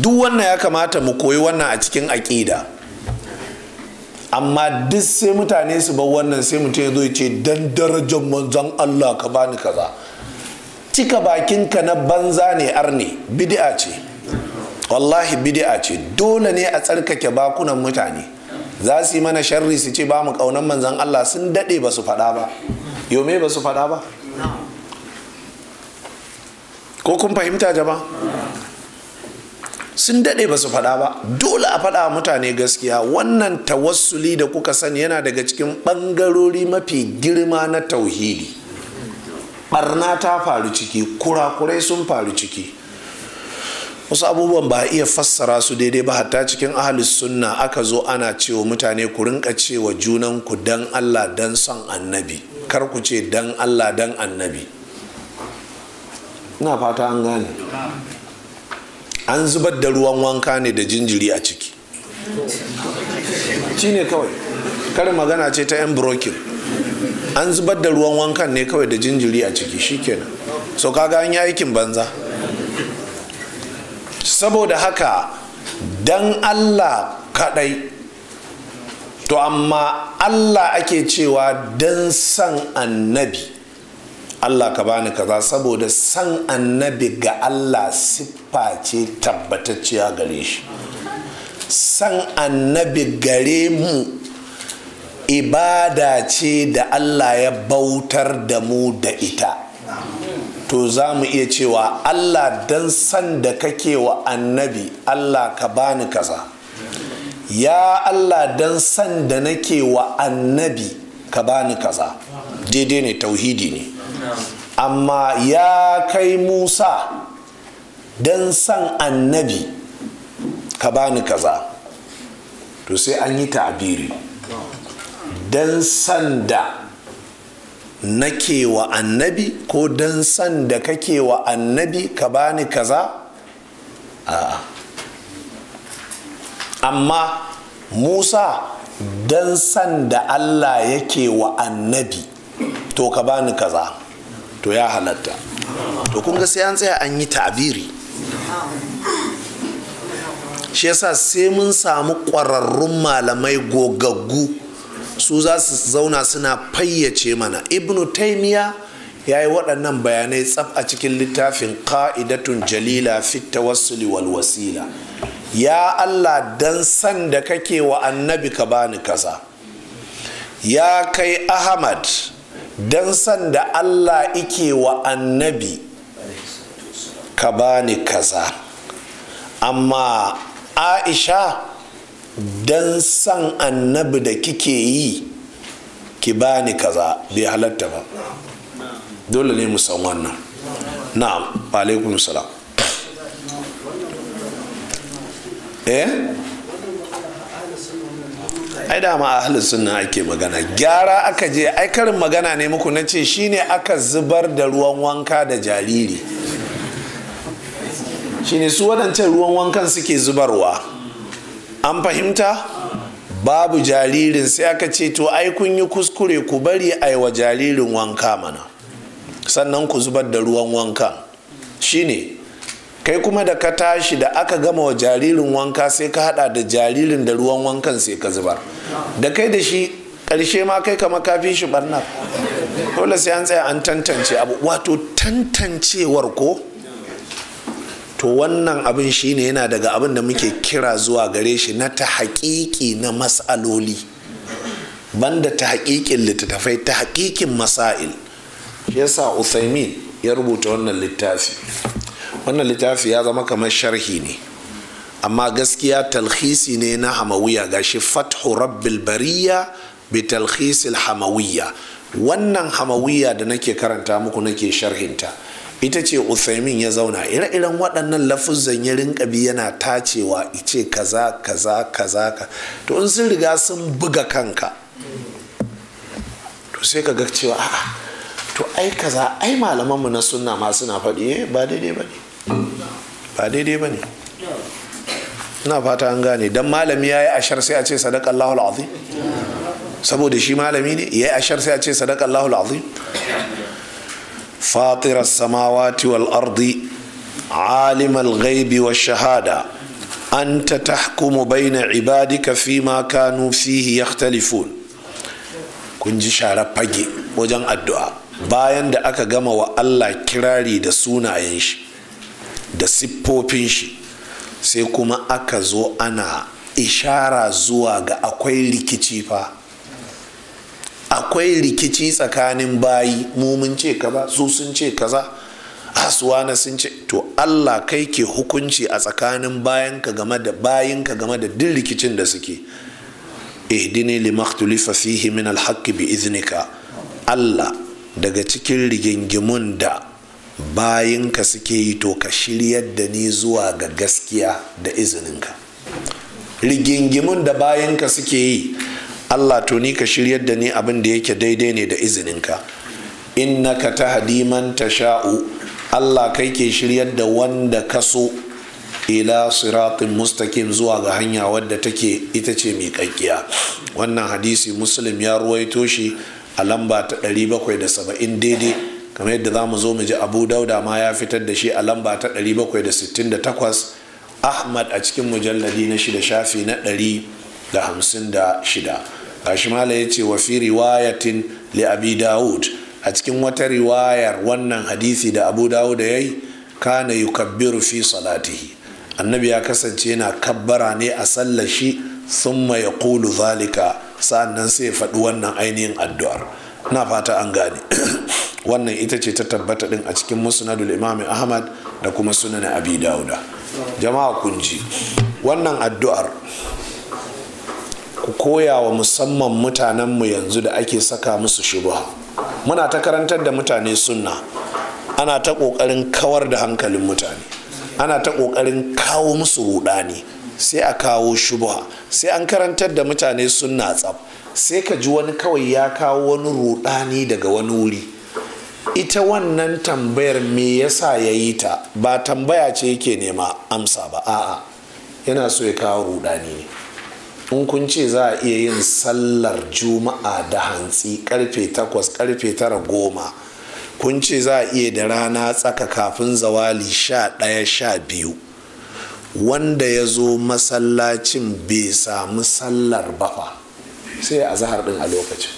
Speaker 1: duk wannan ya kamata mu koyi wannan a cikin aƙida amma duk sai mutane su bar wannan sai mutum ya zo ya ce dan darajar manzon Allah ka bani kaza cika bakin ka na banza ne arne bid'a ce wallahi bid'a ce dole ne a tsarkake bakunan mutane za su yi mana sharri su ce ba mu kaunan manzan Allah sun daɗe ba su faɗa ba yau me ba su faɗa ba ko kun fahimta jama sun daɗe ba su faɗa ba dole a faɗa mutane gaskiya wannan tawassuli da kuka sani yana daga cikin ɓangarori mafi girma na tauhidi Ɓarna ta faru ciki kurakurai sun faru ciki wasu abubuwan ba a iya fassara su daidai ba hatta cikin ahalus sunna aka zo ana cewa mutane ku rinka cewa junan ku dan Allah dan son annabi kar ku ce dan Allah dan annabi ina fata an gane an zubar da ruwan wanka ne da jinjiri a ciki shi ne kawai karin magana ce ta yan brokin an zubar da ruwan wankan ne kawai da jinjiri a ciki shikenan so kaga an yi aikin banza saboda haka dan allah kadai to amma allah ake cewa dan san annabi allah ka bani kaza saboda san annabi ga allah siffa ce tabbatacciya gare shi san annabi gare mu ibada ce da allah ya bautar da mu da ita to za mu iya cewa allah dan san da kake wa annabi allah ka bani kaza ya allah dan san da nake wa annabi ka bani kaza daidai ne tauhidi ne amma ya kai musa dan san annabi ka bani kaza to sai an yi ta'abiri dan san da nake wa annabi ko don san da kake wa annabi ka bani kaza a'a amma musa don san da allah yake wa annabi to ka bani kaza to ya halatta to kun sai an tsaya an yi tabiri shi yasa sai mun samu ƙwararrun malamai gogaggu su za su zauna suna fayyace mana ibnu taimiya ya yi waɗannan bayanai tsaf a cikin littafin ka'idatun jalila fitta wasuli wal wasila ya allah dan san da kake wa annabi ka bani kaza ya kai ahmad dan san da allah ike wa annabi ka bani kaza amma aisha don san annabi da kike yi ki bani kaza bai halatta ba dole ne mu san wannan na'am alaikum salam eh ai dama halin sunna ake magana gyara aka je ai karin magana ne muku na ce shine aka zubar da ruwan wanka da jariri shine su waɗancan ruwan wankan suke zubarwa an fahimta babu jaririn sai aka ce to ai kun yi kuskure ku bari a wa jaririn wanka mana sannan ku zubar da ruwan wanka shine kai kuma da ka tashi da aka gama wa jaririn wanka sai ka hada da jaririn da ruwan wankan sai ka zubar da kai da shi karshe ma kai kama kafi shi barna dole sai an tsaya an tantance abu wato tantancewar ko to wannan abin shine yana daga abin da muke kira zuwa gare shi na ta haƙiƙi na matsaloli banda ta haƙiƙin littattafai ta haƙiƙin masail shi yasa usaimin ya rubuta wannan littafi wannan littafi ya zama kamar sharhi ne amma gaskiya talhisi ne na hamawiya gashi fathu rabbil bariya bi talhisil hamawiya wannan hamawiya da nake karanta muku nake sharhinta ita ce usaimin ya zauna ire-iren waɗannan lafuzan ya rinka bi yana tacewa ice kaza kaza kaza ka to in sun riga sun buga kanka to sai ka ga cewa a'a to ai kaza ai malamanmu na sunna ma suna faɗi eh ba daidai ba ne ba daidai ba ne ina fata an gane dan malami ya yi ashar sai a ce sadaka Allahul azim saboda shi malami ne ya yi ashar sai a ce sadaka Allahul azim فاطر السماوات والأرض عالم الغيب والشهادة أنت تحكم بين عبادك فيما كانوا فيه يختلفون kun ji shara fage wajen addu'a bayan da aka gama wa Allah kirari da sunayen shi da siffofin shi sai kuma aka zo ana ishara zuwa ga akwai rikici fa akwai rikici tsakanin bayi mu mun ce kaza su sun ce kaza asuwana sun ce to Allah kai ke hukunci a tsakanin bayanka game da bayinka game da duk rikicin da suke ihdini limaktulifa fihi min alhaqqi bi iznika Allah daga cikin rigingimun da bayinka suke yi to ka shiryar da ni zuwa ga gaskiya da izininka rigingimun da bayinka suke yi Allah to ni ka shiryar da ni abin da yake daidai ne da izininka innaka tahdi man sha'u, Allah kai ke shiryar da wanda ka so ila siratin mustaqim zuwa ga hanya wadda take ita ce mai kakkiya wannan hadisi muslim ya ruwaito shi a lamba ta 770 daidai kamar yadda za mu zo mu ji abu dauda ma ya fitar da shi a lamba ta 768 ahmad a cikin mujalladi na shida shafi na shida. gashi mala ya ce wafi fi riwayatin li abi dawud a cikin wata riwayar wannan hadisi da abu dawud ya yi kana yukabbiru fi salatihi annabi ya kasance na kabbara ne a sallashi sun ya kulu zalika sa'annan sai ya faɗi wannan ainihin addu'ar na fata an gane wannan ita ce ta tabbata din a cikin musnadul imam ahmad da kuma sunan abi dawuda jama'a kun ji wannan addu'ar ku koya wa musamman mutanenmu yanzu da ake saka musu shubha muna ta karantar da mutane sunna ana ta ƙoƙarin kawar da hankalin mutane ana ta ƙoƙarin kawo musu rudani sai a kawo shubha sai an karantar da mutane sunna tsab sai ka ji wani kawai ya kawo wani rudani daga wani wuri ita wannan tambayar me yasa ya yi ta ba tambaya ce yake nema amsa ba a'a yana so ya kawo rudani ne in kun ce za a iya yin sallar juma'a da hantsi karfe 8 karfe 9 kun ce za a iya da rana tsaka kafin zawali 11-12 wanda ya zo masallacin bai samu sallar bafa sai a zahar din a lokacin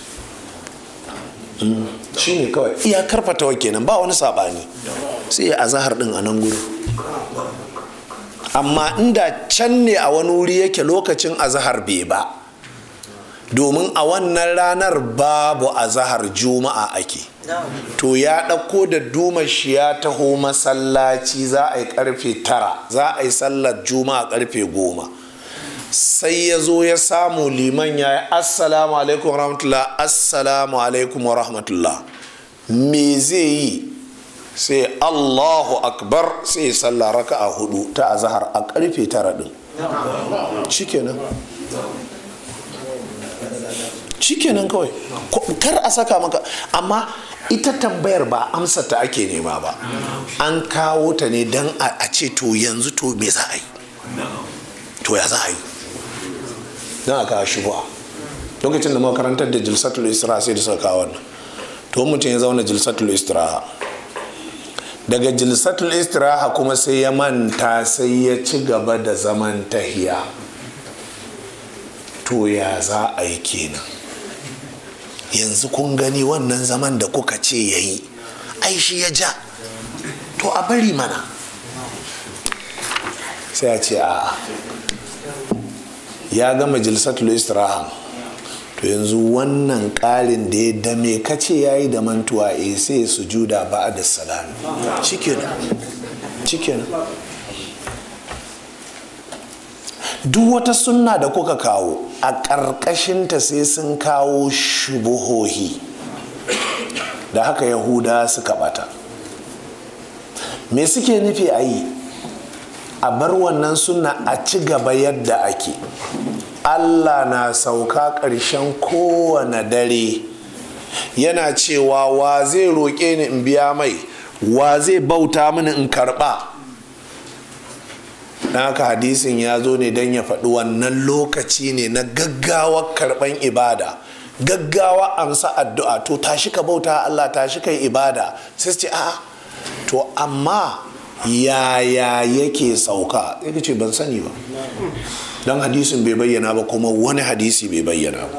Speaker 1: hmm, shi ne kawai iya karfata kenan ba wani saɓani sai a zahar din a nan gudu amma inda can ne a wani wuri yake lokacin azahar bai ba domin a wannan ranar babu azahar juma'a ake to ya ɗauko da duma shi ya taho masallaci za a yi karfe tara za a yi sallar juma'a karfe goma sai ya zo ya samu liman ya yi assalamu alaikum wa rahmatullah assalamu alaikum wa rahmatullah me zai yi sai allahu akbar sai sallah raka a hudu ta azahar a karfe tara din shikenan shikenan kawai kar a saka maka amma ita tambayar ba amsa ta ake nema ba an kawo ta ne don a ce to yanzu to me za a yi to ya za a yi don a kawo ba lokacin da makarantar da jilsatul isra sai da suka kawo wannan to mutum ya zauna jilsatul isra daga jilsatul istiraha kuma sai ya manta sai ya ci gaba da zaman tahiya to ya za a yi kenan yanzu kun gani wannan zaman da kuka ce ya yi A'ishi ya ja to a bari mana sai a ce a'a ya gama jilsatul istiraha yanzu wannan ƙarin da ya dame ka ce ya yi da mantuwa e sai juda ba da salami cikin cikin duk wata sunna da kuka kawo a ƙarƙashinta sai sun kawo shubuhohi da haka yahuda suka bata me suke nufi a yi a bar wannan suna a ci gaba yadda ake allah na sauka ƙarshen kowane dare yana cewa wa zai roƙe ni in biya mai wa zai bauta mini in karɓa haka hadisin ya zo ne don ya faɗi wannan lokaci ne na gaggawar karɓan ibada gaggawa amsa addu'a to tashi ka bauta Allah tashi kai ibada sai ce a to amma yaya yake sauka yake ce ban sani ba don hadisin bai bayyana ba kuma wani hadisi bai bayyana ba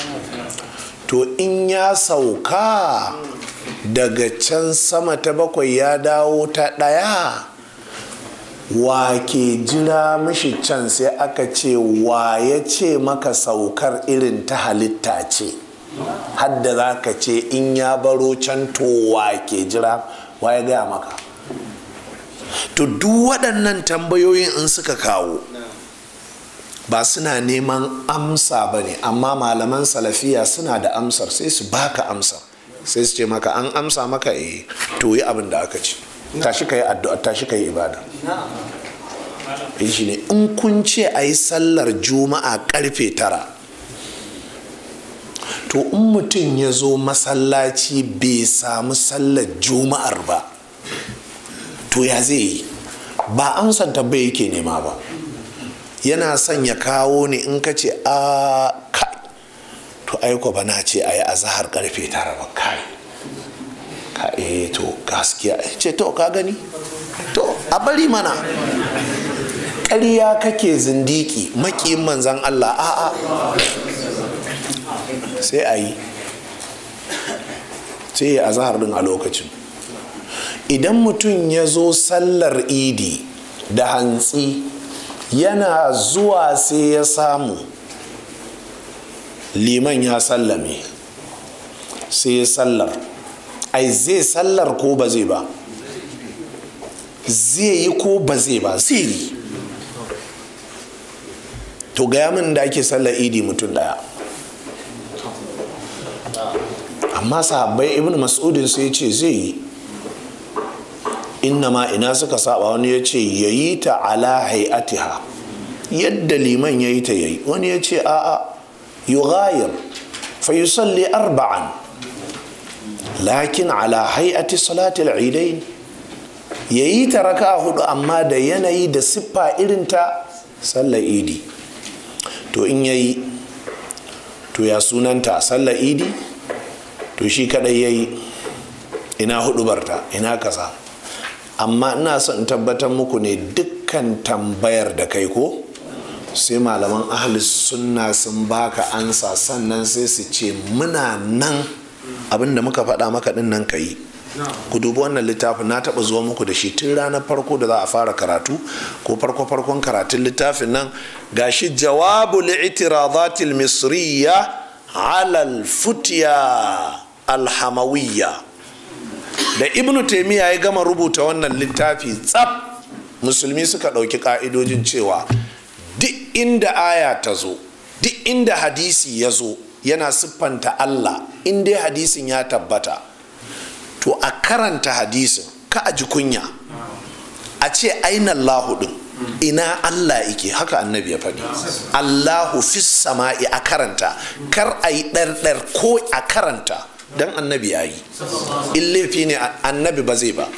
Speaker 1: to in ya sauka daga can sama ta bakwai ya dawo ta ɗaya wa ke jira mashi can sai aka ce wa ya ce maka saukar irin ta halitta ce hadda za ka ce in ya baro can to wa ke jira wa ya gaya maka to duk waɗannan tambayoyin in suka kawo ba suna neman amsa ba ne amma malaman salafiya suna da amsar sai su baka amsar sai su ce maka an amsa maka eh to yi abin da aka ce tashi ka yi addu'a tashi ka yi ibada eh, shi ne in kun ce a yi sallar juma'a karfe tara to in mutum ya zo masallaci bai samu sallar juma'ar ba to ya zai yi ba an san tabbai yake nema ba yana son ya kawo ne in ka ce a kai to aiko bana ce a yi azahar karfe tara ba kai ka e to gaskiya ce to ka gani to a bari mana ƙarya kake zindiki maƙiyin manzan Allah a'a sai a yi sai a zahar din a lokacin idan mutum ya zo sallar idi da hantsi yana zuwa sai ya samu liman ya sallame sai ya sallar ai zai sallar ko ba zai ba zai yi ko ba zai ba zai yi to gaya min da ake sallar idi mutum daya amma sahabbai ibn mas'udin sai ce zai yi innama ina suka saba wani ya ce ya yi ta ala hai'atiha yadda liman ya yi ta yayi wani ya ce a'a ghayar fa salli arba'an lakin ala hai'ati salatul idain ya yi ta raka hudu amma da yanayi da siffa irin ta sallar idi to in ya yi to ya sunanta sallar idi to shi kadai ya yi ina hudu barta ina kasa amma ina son tabbatar muku ne dukkan tambayar da kai ko sai malaman ahli sunna sun baka ansa sannan sai su ce muna nan abinda muka faɗa maka ɗin nan ka yi ku dubi wannan littafin na taɓa zuwa muku da shi tun ranar farko da za a fara karatu ko farko farkon karatun littafin nan gashi jawabu li'itirazatil misriya alal futiya alhamawiyya da ibnu taimiyya ya gama rubuta wannan littafi tsab, musulmi suka ɗauki ƙa'idojin cewa duk inda aya ta zo duk inda hadisi ya zo yana siffanta allah inda hadisin ya tabbata to a karanta hadisin ka a ji kunya a ce ainihin lahudin ɗin ina Allah ike haka annabi ya faɗi Allahu fi sama'i a karanta kar a yi ɗarɗar ko a karanta dan annabi ya yi in laifi ne annabi ba zai ba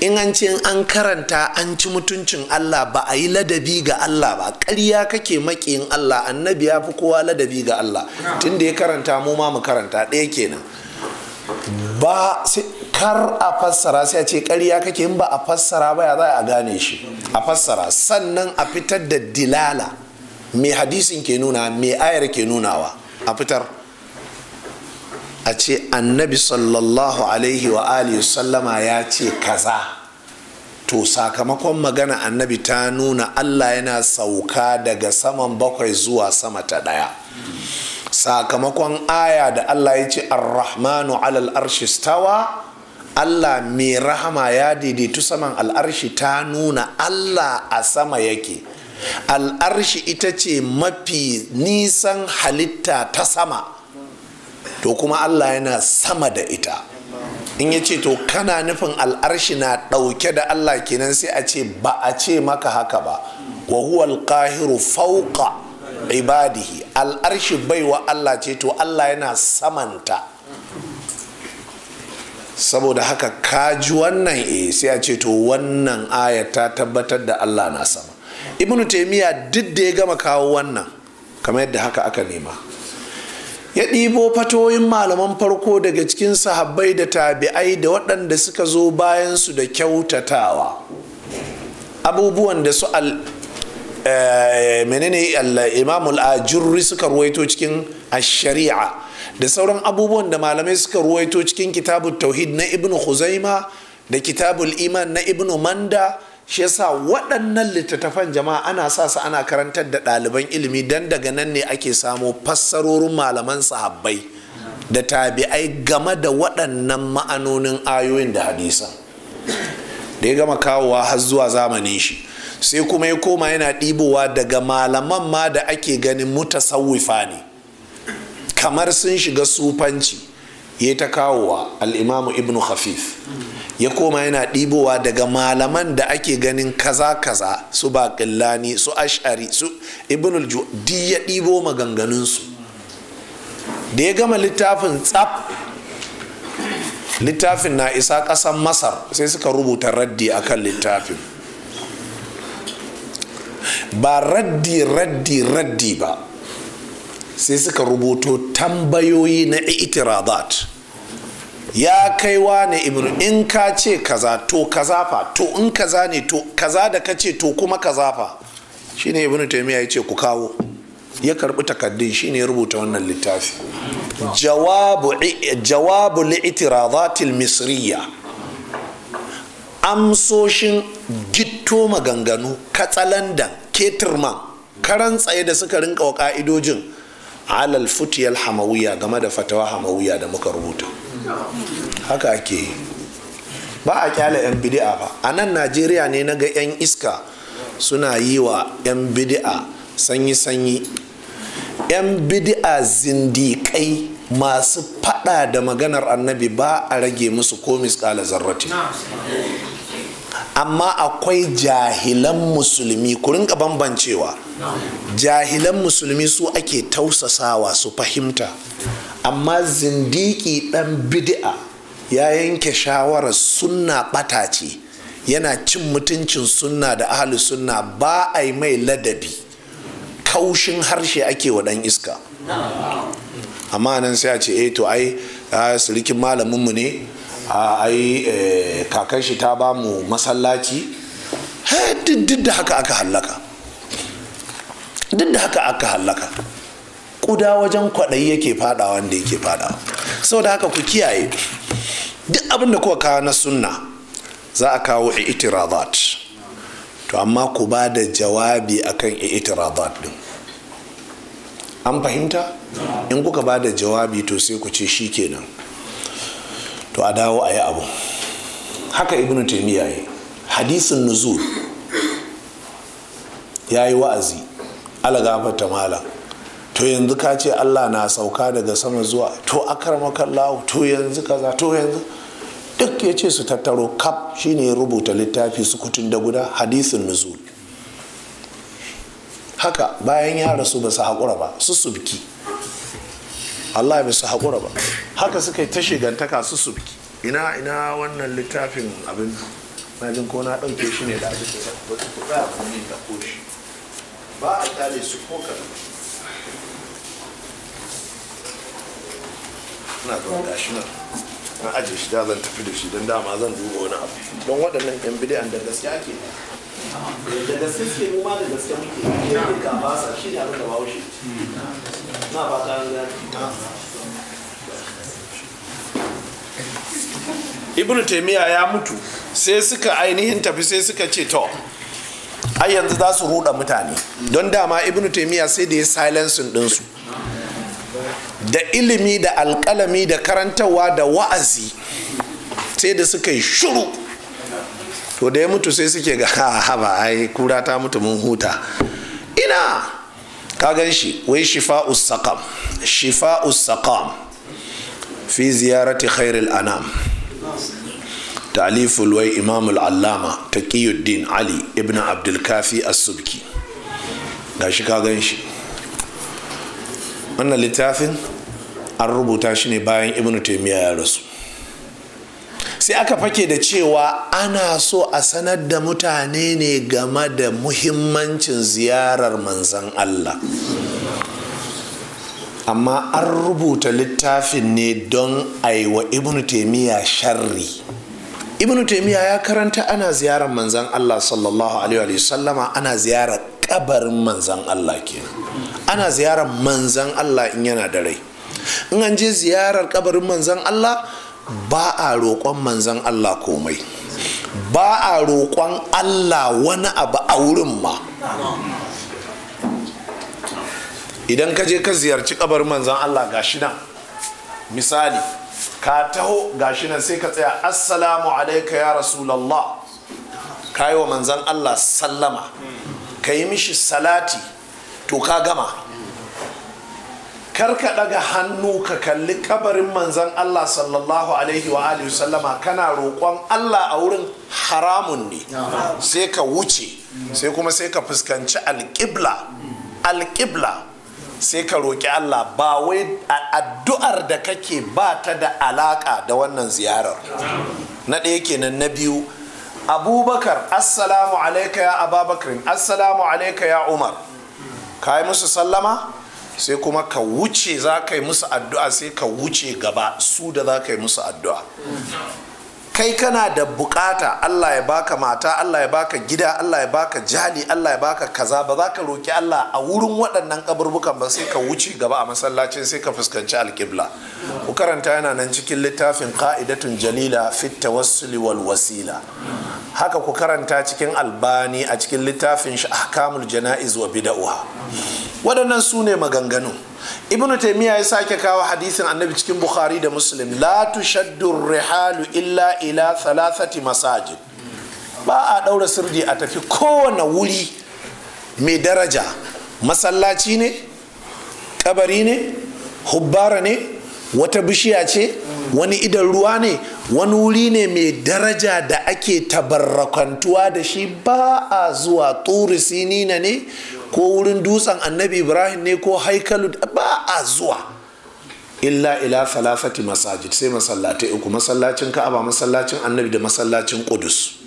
Speaker 1: in an ce an karanta an ci mutuncin allah ba a yi ladabi ga allah ba ƙarya kake maƙiyin allah annabi ya fi kowa ladabi ga allah tun da ya karanta mu ma mu karanta ɗaya kenan ba kar a fassara sai a ce ƙarya kake in ba a fassara ba ya za a gane shi a fassara sannan a fitar da dilala mai hadisin ke nuna mai ayar ke nunawa a fitar a ce annabi sallallahu alaihi wa alihi sallama ya ce kaza to sakamakon magana annabi ta nuna allah yana sauka daga saman bakwai zuwa sama ta ɗaya sakamakon aya da allah ya ce arrahmanu alal arshi stawa allah mai rahama ya daidaitu saman al'arshi ta nuna allah a sama yake al'arshi ita ce mafi nisan halitta ta sama to kuma allah yana sama da ita in ya ce to kana nufin al'arshi na ɗauke da allah kenan sai a ce ba a ce maka haka ba wa huwa alqahiru fauka ibadihi al'arshi baiwa allah ce to allah yana samanta saboda haka kaji wannan e sai a ce to wannan aya ta tabbatar da allah na sama ibnu taimiyya duk da ya gama kawo wannan kamar yadda haka aka nema ya ɗibo fatoyin malaman farko daga cikin sahabbai da tabi'ai da waɗanda suka zo bayan su da kyautatawa abubuwan da su al eh, menene imamul ajurri suka ruwaito cikin ashari'a da sauran abubuwan da malamai suka ruwaito cikin kitabul tauhid na ibnu khuzaima da kitabul iman na ibnu manda shi yasa waɗannan littattafan jama'a ana sa su ana karantar da ɗaliban ilimi dan daga nan ne ake samo fassarorin malaman sahabbai da tabi'ai game da waɗannan ma'anonin ayoyin da hadisa da ya gama kawowa har zuwa zamanin shi sai kuma ya koma yana ɗibowa daga malaman ma da ake ganin mutasawwifa ne kamar sun shiga sufanci ya ta kawowa al'imamu ibnu khafif ya koma yana ɗibowa daga malaman da ake ganin kaza-kaza su baƙillani su ashari su ibnul di ya ɗibo maganganunsu da ya gama littafin tsaf littafin na isa ƙasan masar sai suka rubuta raddi akan littafin ba raddi raddi raddi ba sai suka rubuto tambayoyi na itiradat ya kai ne ibnu in ka ce kaza to kaza fa to in kaza ne to kaza da ka ce to kuma kaza fa shine ibnu taymiya ya ce ku kawo ya karbi takaddun shine ya rubuta wannan littafi jawabu jawabu li'tiradatil misriya amsoshin gitto maganganu katsalandan ketirman karan tsaye da suka rinka wa ka'idojin alal futiyal hamawiya game da fatawa hamawiya da muka rubuta haka ake yi ba a kyale 'yan bidi'a ba a nan najeriya ne na ga 'yan iska suna yi wa 'yan bidi'a sanyi-sanyi 'yan bidi'a zindikai masu fada da maganar annabi ba a rage musu ko miskala zarrati amma akwai jahilan musulmi ku rinka bambancewa jahilan musulmi su ake tausasawa su fahimta amma zindiki dan bid'a ya yanke shawarar sunna bata yana cin mutuncin sunna da ahli sunna ba a yi mai ladabi kaushin harshe ake wa dan iska amma nan sai a ce eh to ai malamin ah, malaminmu ne a ai eh, kakan shi ta ba mu masallaci duk da haka aka hallaka duk da haka aka hallaka kuda wajen kwaɗayi yake fada wanda yake fada saboda haka ku kiyaye duk abin da kuka kawo na sunna za a kawo i'tirazat to amma ku ba da jawabi akan i'tirazat din an fahimta in kuka ba da jawabi to sai ku ce shi kenan to a dawo a yi abu haka ibn taimiyya yi hadisin nuzul ya yi wa'azi alagafata mala to yanzu ka ce allah na sauka daga sama zuwa to lahu to yanzu kaza to yanzu duk ya ce su tattaro kaf shine ya rubuta littafi su sukutun da guda hadisin nuzul haka bayan ya rasu ba su haƙura ba su subki Allah ya su haƙura ba haka suka yi ta shigantaka su su ina ina wannan littafin abin na jin ko na ɗauke shi ne da abin da ba su kuɗa abin ne da koshi ba a ƙyale su ko kaɗan na zuwa gashi nan na ajiye shi da zan tafi da shi don dama zan duba wani abu don waɗannan yan bidiyan da gaske ke da gaske suke mu ma da gaske muke ne ka ba sa shi ne abin da ba wuce na ibn taimiyya ya mutu sai suka ainihin tafi sai suka ce to ai yanzu za su huda mutane don dama ibn taimiyya sai da ya silencing ɗinsu da ilimi da alkalami da karantarwa da wa'azi sai da suka yi shuru to da ya mutu sai suke ga ha haba ai kura ta mutu mun huta ina ka gan shi wai shifa saqam shifa saqam fi ziyarati khairil anam ta'liful wai imamul allama taqiyuddin ali ibn abdul kafi as-subki shi ka gan shi wannan littafin an rubuta shi ne bayan ibnu taymiya ya rasu sai aka fake da cewa ana so a sanar da mutane ne game da muhimmancin ziyarar manzan Allah amma an rubuta littafin ne don aiwa ibn taimiyya sharri ibn taimiyya ya karanta ana ziyarar manzan Allah sallallahu alaihi sallama ana ziyarar kabarin manzan Allah ke ana ziyarar manzan Allah in yana da rai in an je ziyarar kabarin manzan Allah ba a roƙon manzan Allah komai ba a roƙon Allah wani abu a wurin ma idan ka je ka ziyarci kabarin manzan Allah gashi nan misali ka taho gashi nan sai ka tsaya assalamu alaika ya rasulallah ka yi wa manzan Allah sallama ka yi mishi salati to ka gama kar ka daga hannu ka kalli kabarin manzan Allah sallallahu alaihi wa alihi sallama kana roƙon Allah a wurin haramun ne sai ka wuce sai kuma sai ka fuskanci alƙibla alƙibla sai ka roƙi Allah ba wai addu'ar da kake ba ta da alaƙa da wannan ziyarar na ɗaya kenan na biyu abubakar assalamu alaika ya ababakarin assalamu alaika ya umar ka yi musu sallama sai kuma ka wuce za ka yi musu addu'a sai ka wuce gaba su da za ka yi musu addu'a kai kana da bukata Allah ya baka mata Allah ya baka gida Allah ya baka jali Allah ya baka kaza ba za ka roki Allah a wurin waɗannan kaburbukan ba sai ka wuce gaba a masallacin sai ka fuskanci alƙibla ku karanta yana nan cikin littafin ka'idatun jalila fit tawassuli wal wasila haka ku karanta cikin albani a cikin littafin ahkamul jana'iz wa bida'uha waɗannan su ne maganganun ibnu taimiyya ya sake kawo hadisin annabi cikin bukhari da muslim la tushaddu rihalu illa ila thalathati masajid ba a daura sirdi a tafi kowane wuri mai daraja masallaci ne kabari ne hubbara ne wata bishiya ce wani idan ruwa ne wani wuri ne mai daraja da ake tabarrakantuwa da shi ba a zuwa turisi nina ne ko wurin dutsen annabi ibrahim ne ko haikalu ba a zuwa illa ila salasati masajid sai masallatai uku masallacin ka'aba masallacin annabi da masallacin kudus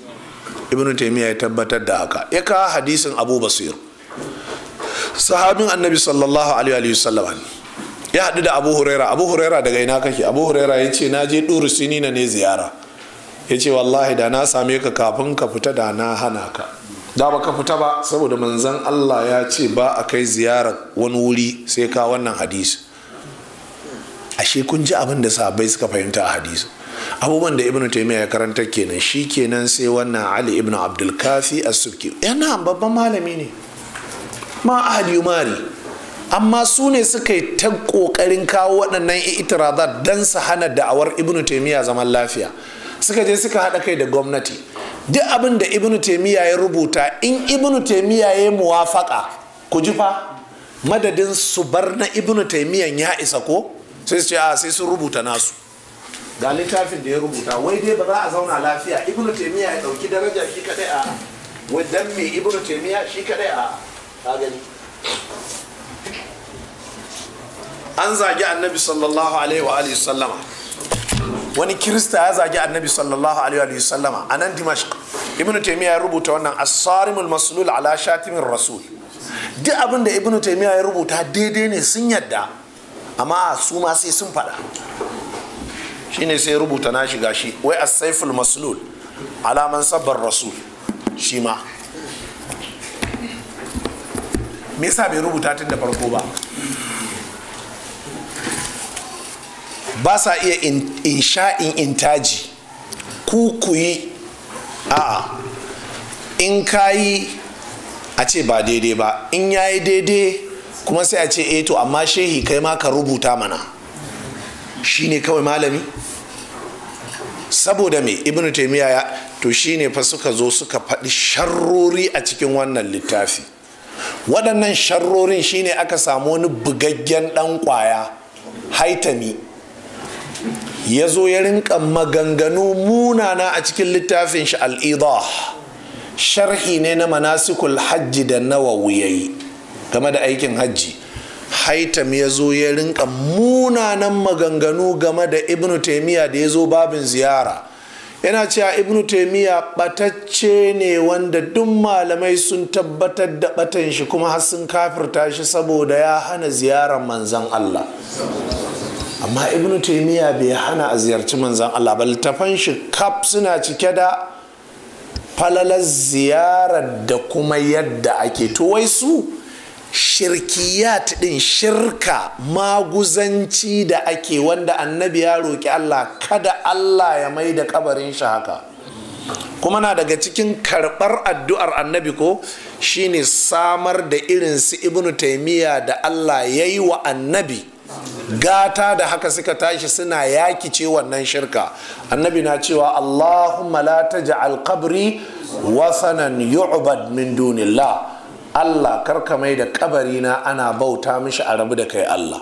Speaker 1: ibnu taimiyya ya tabbatar da haka ya kawo hadisin abu basir sahabin annabi sallallahu alaihi wa sallam, ya haɗu da abu huraira abu huraira daga ina kake abu huraira ya ce na je ɗuru sinina ne ziyara ya ce wallahi da na same ka kafin ka fita da na hana ka da baka fita ba saboda manzan Allah ya ce ba a kai ziyarar wani wuri sai ka wannan hadisi ashe kun ji abin da sahabbai suka fahimta a hadisi abubuwan da ibnu taymiya ya karanta kenan shi kenan sai wannan ali Ibn abdul kafi as-subki yana babban malami ne ma ahad Mari. amma su ne suka yi ta kokarin kawo waɗannan itirazar dan su hana da'awar ibnu taymiya zaman lafiya suka je suka haɗa kai da gwamnati duk abin da ibn taimiyya ya rubuta in ibn taimiyya ya muwafaka ku ji fa madadin su bar na ibn taimiyyan ya isa ko sai su ce a ah, sai sun rubuta nasu ga littafin da ya rubuta wai dai ba za a zauna lafiya ibn taimiyya ya dauki daraja shi kadai a wadan me ibn taimiyya shi kadai a ka gani an zagi annabi sallallahu alaihi wa alihi sallama wani kirista ya zagi annabi sallallahu alaihi wa sallama a nan dimashq ibnu taymiya ya rubuta wannan as-sarimul maslul ala shatimin rasul duk abin da ibnu taymiya ya rubuta daidai ne sun yadda amma su ma sai sun faɗa shine sai rubuta na shiga shi wai as-saiful maslul ala man sabbar rasul shi me yasa bai rubuta tun da farko ba ba sa iya insha'in intaji ku ku yi a'a in kayi yi a ce ba daidai ba in ya yi daidai kuma sai a ce eh to amma shehi kai ma ka rubuta mana shine kawai malami saboda me ibnu taimiyya ya to shine fa suka zo suka faɗi sharrori a cikin wannan littafi waɗannan sharrorin shine aka samu wani bugaggen ɗan ƙwaya haitami ya zo ya rinka maganganu munana a cikin littafin shi al'idah sharhi ne na manasikul hajji da nawawi game da aikin hajji haitam ya zo ya rinka munanan maganganu game da ibnu taimiyya da ya zo babin ziyara yana cewa ibnu taimiyya batacce ne wanda duk malamai sun tabbatar da batan shi kuma har sun kafirta shi saboda ya hana ziyarar manzan allah amma ibn taimiyya bai hana a ziyarci manzan allah ba littafan shi kaf suna cike da falalar ziyarar da kuma yadda ake to wai su shirkiyat din shirka maguzanci da ake wanda annabi ya roki allah kada allah ya mai da kabarin shi haka kuma na daga cikin karɓar addu'ar annabi ko shine samar da irin su ibnu taimiyya da allah ya yi wa annabi gata da haka suka tashi suna yaki ce wannan shirka annabi na cewa allahumma la taj'al alkabri wasanan yu'bad min dunillah allah karka mai da kabarina ana bauta mishi a rabu da kai allah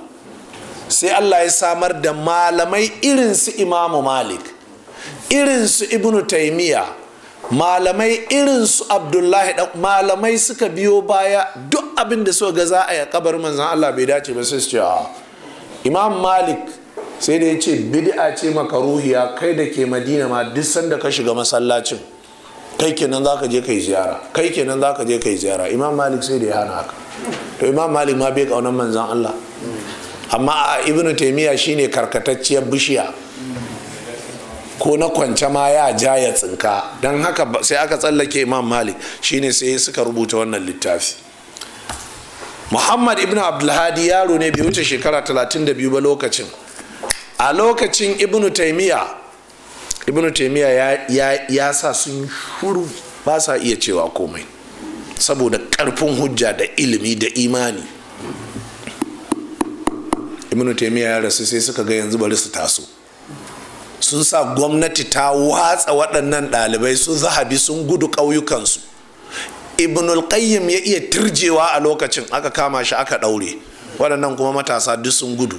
Speaker 1: sai allah ya samar da malamai irinsu imamu malik irinsu ibnu taimiya malamai irinsu abdullahi malamai suka biyo baya duk abinda da suka ga za a yi kabarin manzan allah bai dace ba sai su ce imam malik sai da ya ce bid'a ce maka ruhiya kai da ke madina ma duk sanda ka shiga masallacin kai kenan za ka je kai ziyara kai kenan za ka je kai ziyara imam malik sai da ya hana haka to imam malik ma bai kaunar manzan allah amma a ibnu taimiyya shine karkatacciyar bishiya ko na kwance ma ya ja ya tsinka don haka sai aka tsallake imam malik shine sai suka rubuta wannan littafi muhammad ibn abdulhadi yaro ne bai wuce shekara 32 ba lokacin a lokacin ibn taimiya ibn taimiya ya, sa sun shuru ba sa iya cewa komai saboda karfin hujja da ilimi da imani ibn taimiya ya rasu sai suka ga yanzu bari su taso sun sa gwamnati ta watsa waɗannan ɗalibai su zahabi sun gudu ƙauyukansu ibnul qayyim ya iya turjewa a lokacin aka kama shi aka ɗaure waɗannan kuma matasa duk sun gudu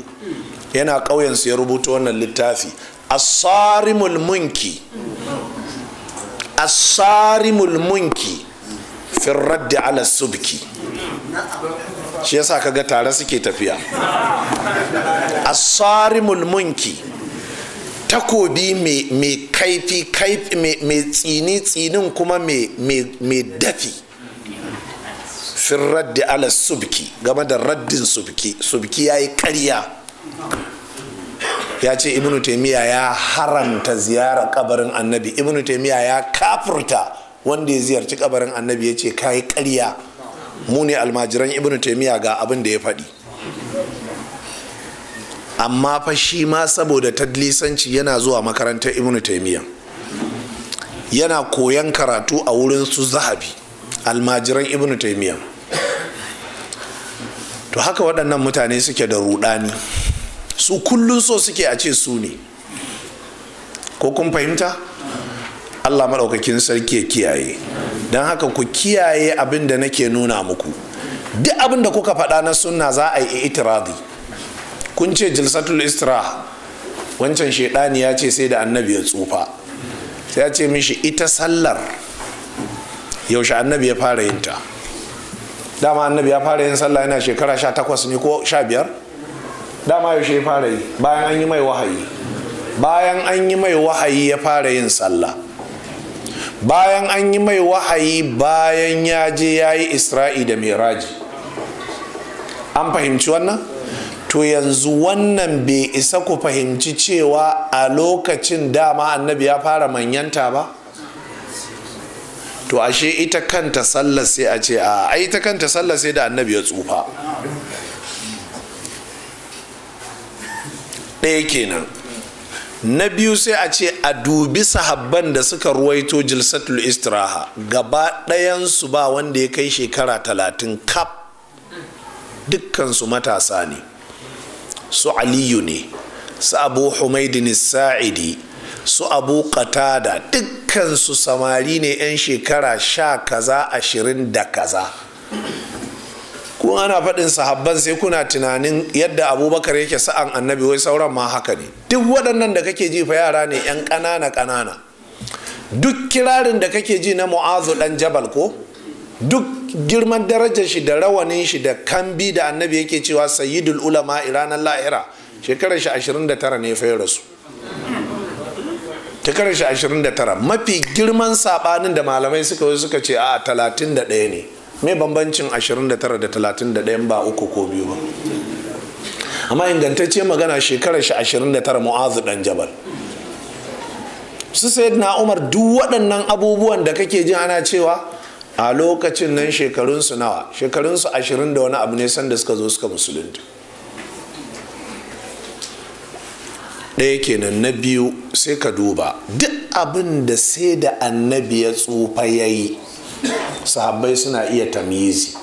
Speaker 1: yana ƙauyensu ya rubuta wannan littafi asarimul munki asarimul munki firraddi ala subki shi yasa kaga tare suke tafiya asarimul munki takobi mai kaifi mai tsini tsinin kuma mai dafi fin raddi ala subki game da raddin subki subki ya yi karya ya ce ibnu taimiyya ya haramta ziyarar kabarin annabi ibnu taimiyya ya kafurta wanda ya ziyarci kabarin annabi ya ce ka yi karya mu ne almajiran ibnu taimiyya ga abin da ya faɗi amma fa shi ma saboda tadlisanci yana zuwa makarantar ibnu taimiyya yana koyan karatu a wurin su zahabi almajiran ibnu taimiyya to haka waɗannan mutane suke da ruɗani, su kullum so suke a ce su ne ko kun fahimta allah maɗaukakin sarki ya kiyaye don haka ku kiyaye abin da nake nuna muku duk abin da kuka faɗa na sunna za a yi itirazi kun ce jilsatul istira wancan shaidani ya ce sai da annabi ya tsufa sai ya ce mishi ita sallar yaushe annabi ya fara yinta dama annabi ya fara yin sallah yana shekara sha takwas ne ko sha biyar dama yaushe ya fara yi bayan an yi mai wahayi bayan an yi mai wahayi ya fara yin sallah bayan an yi mai wahayi bayan ya je ya yi isra'i da miraji an fahimci wannan to yanzu wannan bai isa ku fahimci cewa a lokacin dama annabi ya fara manyanta ba to ashe ita kanta sallar sai a ce a ita kanta sallar sai da annabi ya tsufa ɗaya kenan na biyu sai a ce a dubi sahabban da suka ruwaito jilsatul istiraha gaba su ba wanda ya kai shekara talatin kaf dukkansu matasa ne su aliyu ne su abu humaidin sa'idi su abu qatada su samari ne 'yan shekara sha kaza ashirin da kaza ku ana faɗin sahabban sai kuna tunanin yadda abubakar yake sa'an annabi wai sauran ma haka ne duk waɗannan da kake ji fa yara ne 'yan ƙanana ƙanana duk kirarin da kake ji na mu'azu ɗan jabal ko duk girman darajar shi da rawanin shi da kambi da annabi yake cewa sayyidul ulama ranar la'ira shekarar shi 29 ne ya ya rasu shekarar shi 29 mafi girman sabanin da malamai suka yi suka ce a 31 ne me bambancin 29 da 31 ba uku ko biyu ba amma ingantacce magana shekarar shi 29 mu'azu dan jabal su sayid na umar duk waɗannan abubuwan da kake jin ana cewa a lokacin nan shekarunsu nawa shekarunsu ashirin da wani abu ne sanda suka zo suka musulunta ɗaya kenan na biyu sai ka duba duk abin da sai da annabi ya tsufa ya yi sahabbai suna iya tamizi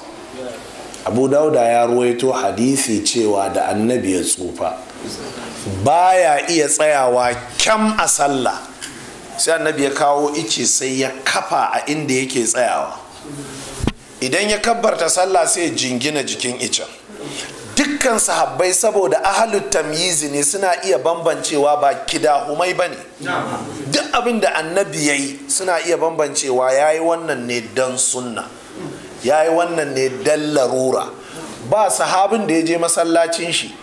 Speaker 1: abu dauda ya ruwaito hadisi cewa da annabi ya tsufa baya iya tsayawa kyam a sallah sai annabi ya kawo ice sai ya kafa a inda yake tsayawa idan ya kabbarta sallah sai jingina jikin icen dukkan sahabbai saboda ahalu tamyizi ne suna iya bambancewa ba humai ba ne duk abin da annabi ya yi suna iya bambancewa ya yi wannan ne don sunna ya yi wannan ne don larura ba sahabin da ya je masallacin shi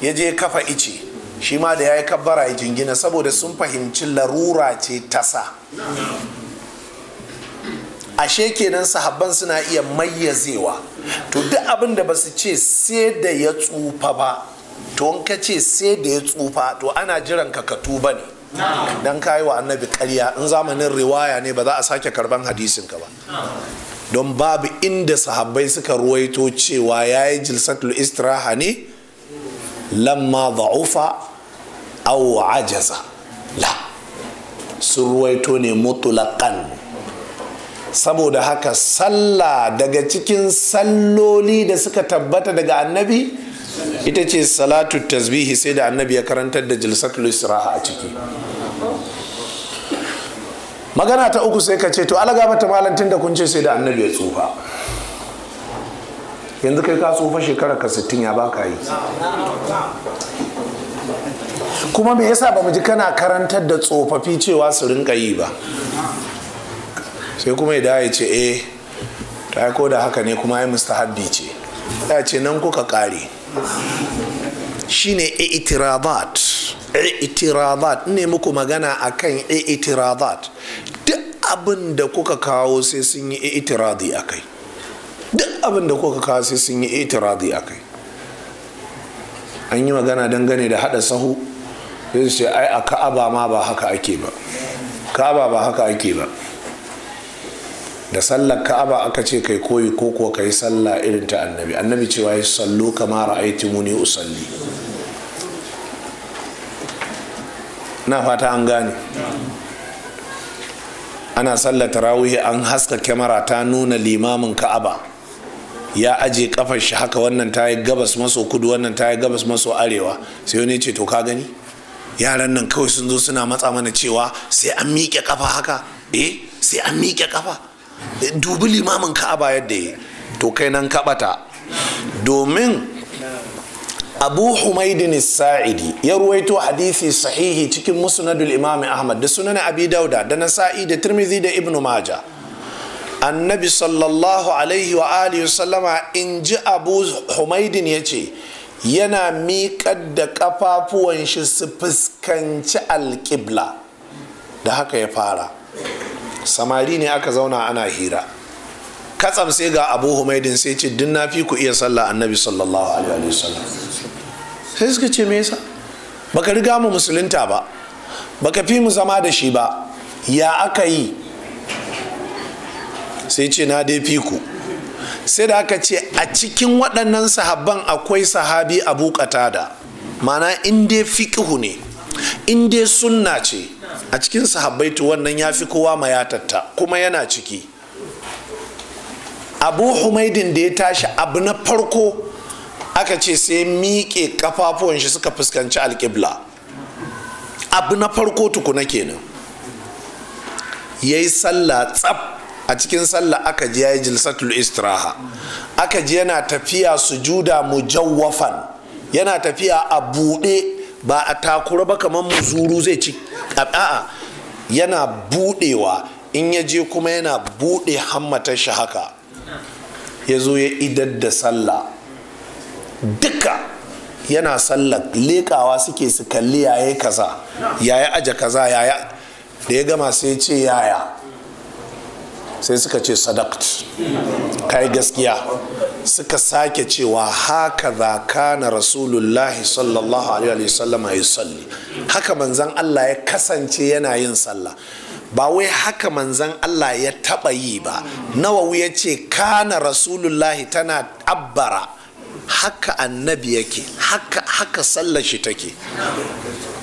Speaker 1: ya je kafa ice shi ma da ya yi kabbara ya jingina saboda sun fahimci larura ce tasa ashe kenan sahabban suna iya mayyazewa to duk abin da ba su ce sai da ya tsufa ba to in ka ce sai da ya tsufa to ana jiran ka ka tuba ne dan yi wa annabi karya in zamanin riwaya ne ba za a sake karban hadisinka ba don babu inda sahabbai suka ruwaito cewa ya yi jilsatul istiraha ne lamma za'ufa au ajaza la sun ruwaito ne mutulakan saboda haka sallah daga cikin salloli da suka tabbata daga annabi ita ce salatu tasbihi sai da annabi ya karantar da jilsatul isra'a a ciki magana ta uku sai ka ce to alaga mata malantin da kun ce sai da annabi ya tsufa yanzu kai ka tsufa shekara ka sittin ya baka yi kuma me yasa ba mu ji kana karantar da tsofaffi cewa su rinka yi ba sai kuma ya dawo ya ce eh ta ko da haka ne kuma ai haddi ce ya ce nan kuka kare shine i'tiradat itirabat ne muku magana akan itirabat duk abin da kuka kawo sai sun yi i'tiradi kai. duk abin da kuka kawo sai sun yi i'tiradi kai. an yi magana dangane da hada sahu sai su ce ai a ka'aba ma ba haka ake ba ka'aba ba haka ake ba da sallar ka'aba aka ce kai koyi ko ka kai sallah irin ta annabi annabi cewa ya sallu kama ra'aytumuni usalli na fata an gane ana sallar tarawih an haska kyamara ta nuna limamin ka'aba ya aje kafar shi haka wannan ta yi gabas maso kudu wannan ta yi gabas maso arewa sai wani ce to ka gani yaran nan kawai sun zo suna matsa mana cewa sai an miƙe kafa haka eh sai an miƙe kafa dubi limamin ka'aba yadda yi to kai nan kaɓata domin abu humaidin sa'idi ya ruwaito hadisi sahihi cikin musnadul imami ahmad da sunan abi dauda da nasa'i da tirmidhi da Ibn maja annabi sallallahu alaihi wa alihi sallama in ji abu humaidin ya ce yana miƙar da ƙafafuwan shi su fuskanci alƙibla da haka ya fara samari ne aka zauna ana hira katsam sai ga abu humaidin sai ce din na fi ku iya sallah annabi sallallahu alaihi wasallam sai suka ce me yasa baka riga mu musulunta ba baka fi mu zama da shi ba ya aka yi sai ce na dai fi ku sai da aka ce a cikin waɗannan sahabban akwai sahabi abu katada mana in fiƙihu ne Inde sunna ce a cikin sahabbai to wannan ya fi kowa mayatatta kuma yana ciki abu humaidin da ya tashi abu na farko aka ce sai miƙe kafafuwan shi suka fuskanci alƙibla abu na farko tukuna kenan ya yi sallah tsab a cikin sallah aka ji ya yi jilsatul istiraha aka ji yana tafiya su sujuda mujawwafan yana tafiya a buɗe ba a takura ba kamar muzuru zai ci a'a yana budewa in ya je kuma yana bude hammatar shi haka ya zo ya idar da sallah duka yana sallah lekawa suke su kalli yaya kaza yaya aja kaza yaya da ya gama sai ce yaya sai suka ce sadakt kai gaskiya suka sake cewa haka za kana rasulullahi sallallahu alaihi wasallama ya salli haka manzan Allah ya kasance yana yin sallah ba wai haka manzan Allah ya taba yi ba nawawi ya ce kana rasulullahi tana abbara haka annabi yake haka haka sallar shi take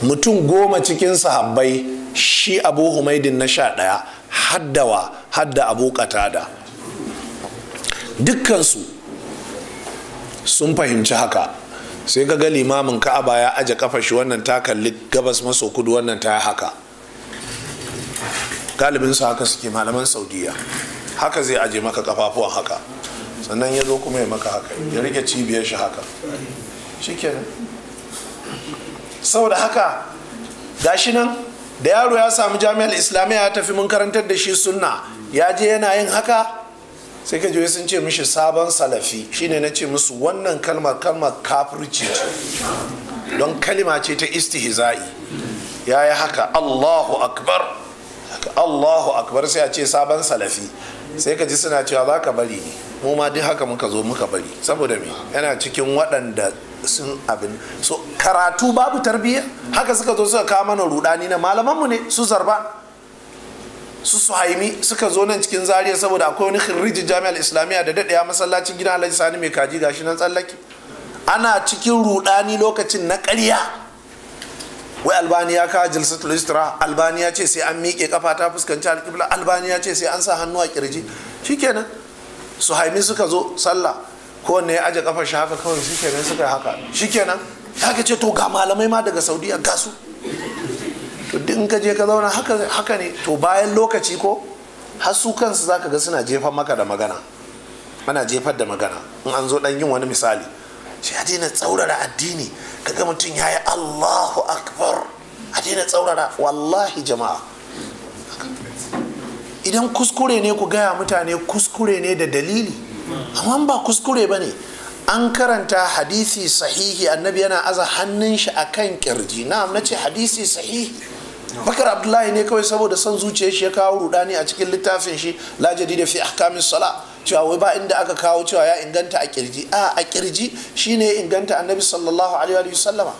Speaker 1: mutum goma cikin sahabbai shi abu humaidin na sha ɗaya haddawa hadda abu katada dukkansu sun fahimci haka sai ga limamin ka'aba ya aje kafa shi wannan ta kalli gabas maso kudu wannan ta haka galibin su haka suke malaman saudiya haka zai aje maka kafafuwan haka sannan ya zo kuma ya maka haka ya rike cibiyar shi haka sau saboda haka gashi nan da yaro ya samu jami'ar islamiyya ya tafi mun karantar da shi sunna ya je yana yin haka sai ka sun ce mishi sabon salafi shine na ce musu wannan kalmar kalmar kafirci don kalima ce ta istihza'i ya yi haka allahu akbar allahu akbar sai a ce sabon salafi sai ka ji suna cewa za ka bari ne mu ma duk haka muka zo muka bari saboda me yana cikin waɗanda sun abin so karatu babu tarbiyya haka suka zo suka kawo mana rudani na malamanmu ne su zarba su suhaimi suka zo nan cikin zariya saboda akwai wani khirrijin jami'ar islamiyya da daɗaya masallacin gina alhaji sani mai kaji gashi nan tsallaki. ana cikin rudani lokacin na ƙarya wai albaniya ka jilsa istira albaniya ce sai an miƙe kafa ta fuskanci alƙibla albaniya ce sai an sa hannu a kirji shikenan haimi suka zo sallah ko ne ya aje kafar shi haka kawai shikenan suka yi haka shikenan haka ce to ga malamai ma daga saudiya ga su to duk ka je ka zauna haka ne to bayan lokaci ko har su kansu ka ga suna jefan maka da magana ana jefar da magana in an zo dan yin wani misali shi a daina tsaurara addini kaga mutum ya yi allahu akbar a daina tsaurara wallahi jama'a idan kuskure ne ku gaya mutane kuskure ne da dalili amma ba kuskure ba ne an karanta hadisi sahihi annabi yana aza hannun shi a kan kirji na na'am ce hadisi sahihi bakar abdullahi ne kawai saboda son zuciyar shi ya kawo rudani a cikin littafin shi la da fi ahkamis sala cewa wai ba inda aka kawo cewa ya inganta a kirji a a kirji shine inganta annabi sallallahu alaihi wa sallama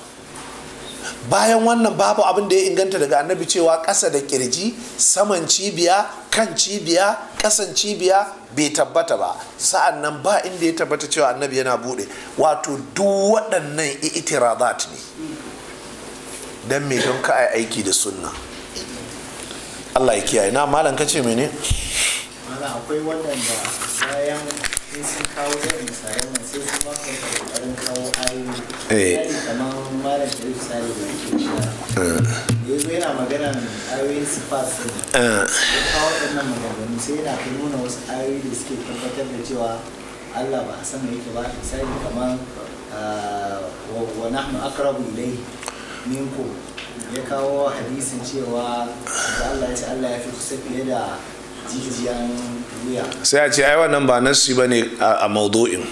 Speaker 1: bayan wannan babu abin da ya inganta daga annabi cewa ƙasa da kirji saman cibiya kan cibiya ƙasan cibiya bai tabbata ba sa'an nan ba inda ya tabbata cewa annabi yana buɗe wato duk waɗannan itirazat ne don me don ka aiki da sunna Allah ya kiyaye na malam ka ce mene
Speaker 2: maza akwai waɗanda bayan sai sun kawo zai misali man sai sun ba ka ƙoƙarin kawo ayoyi eh. kamar malam da sai da yake da eh. ya yana magana ayoyin sifas eh. ya kawo waɗannan maganganu sai yana kai nuna wasu ayoyi da suke tabbatar da cewa Allah ba a me yake ba misali kamar ah, wa nahnu aqrabu ilayhi minkum ya kawo hadisin cewa da Allah ya ce Allah ya fi kusa fiye da
Speaker 1: sai a ce ai wannan ba na ba ne a maudu'in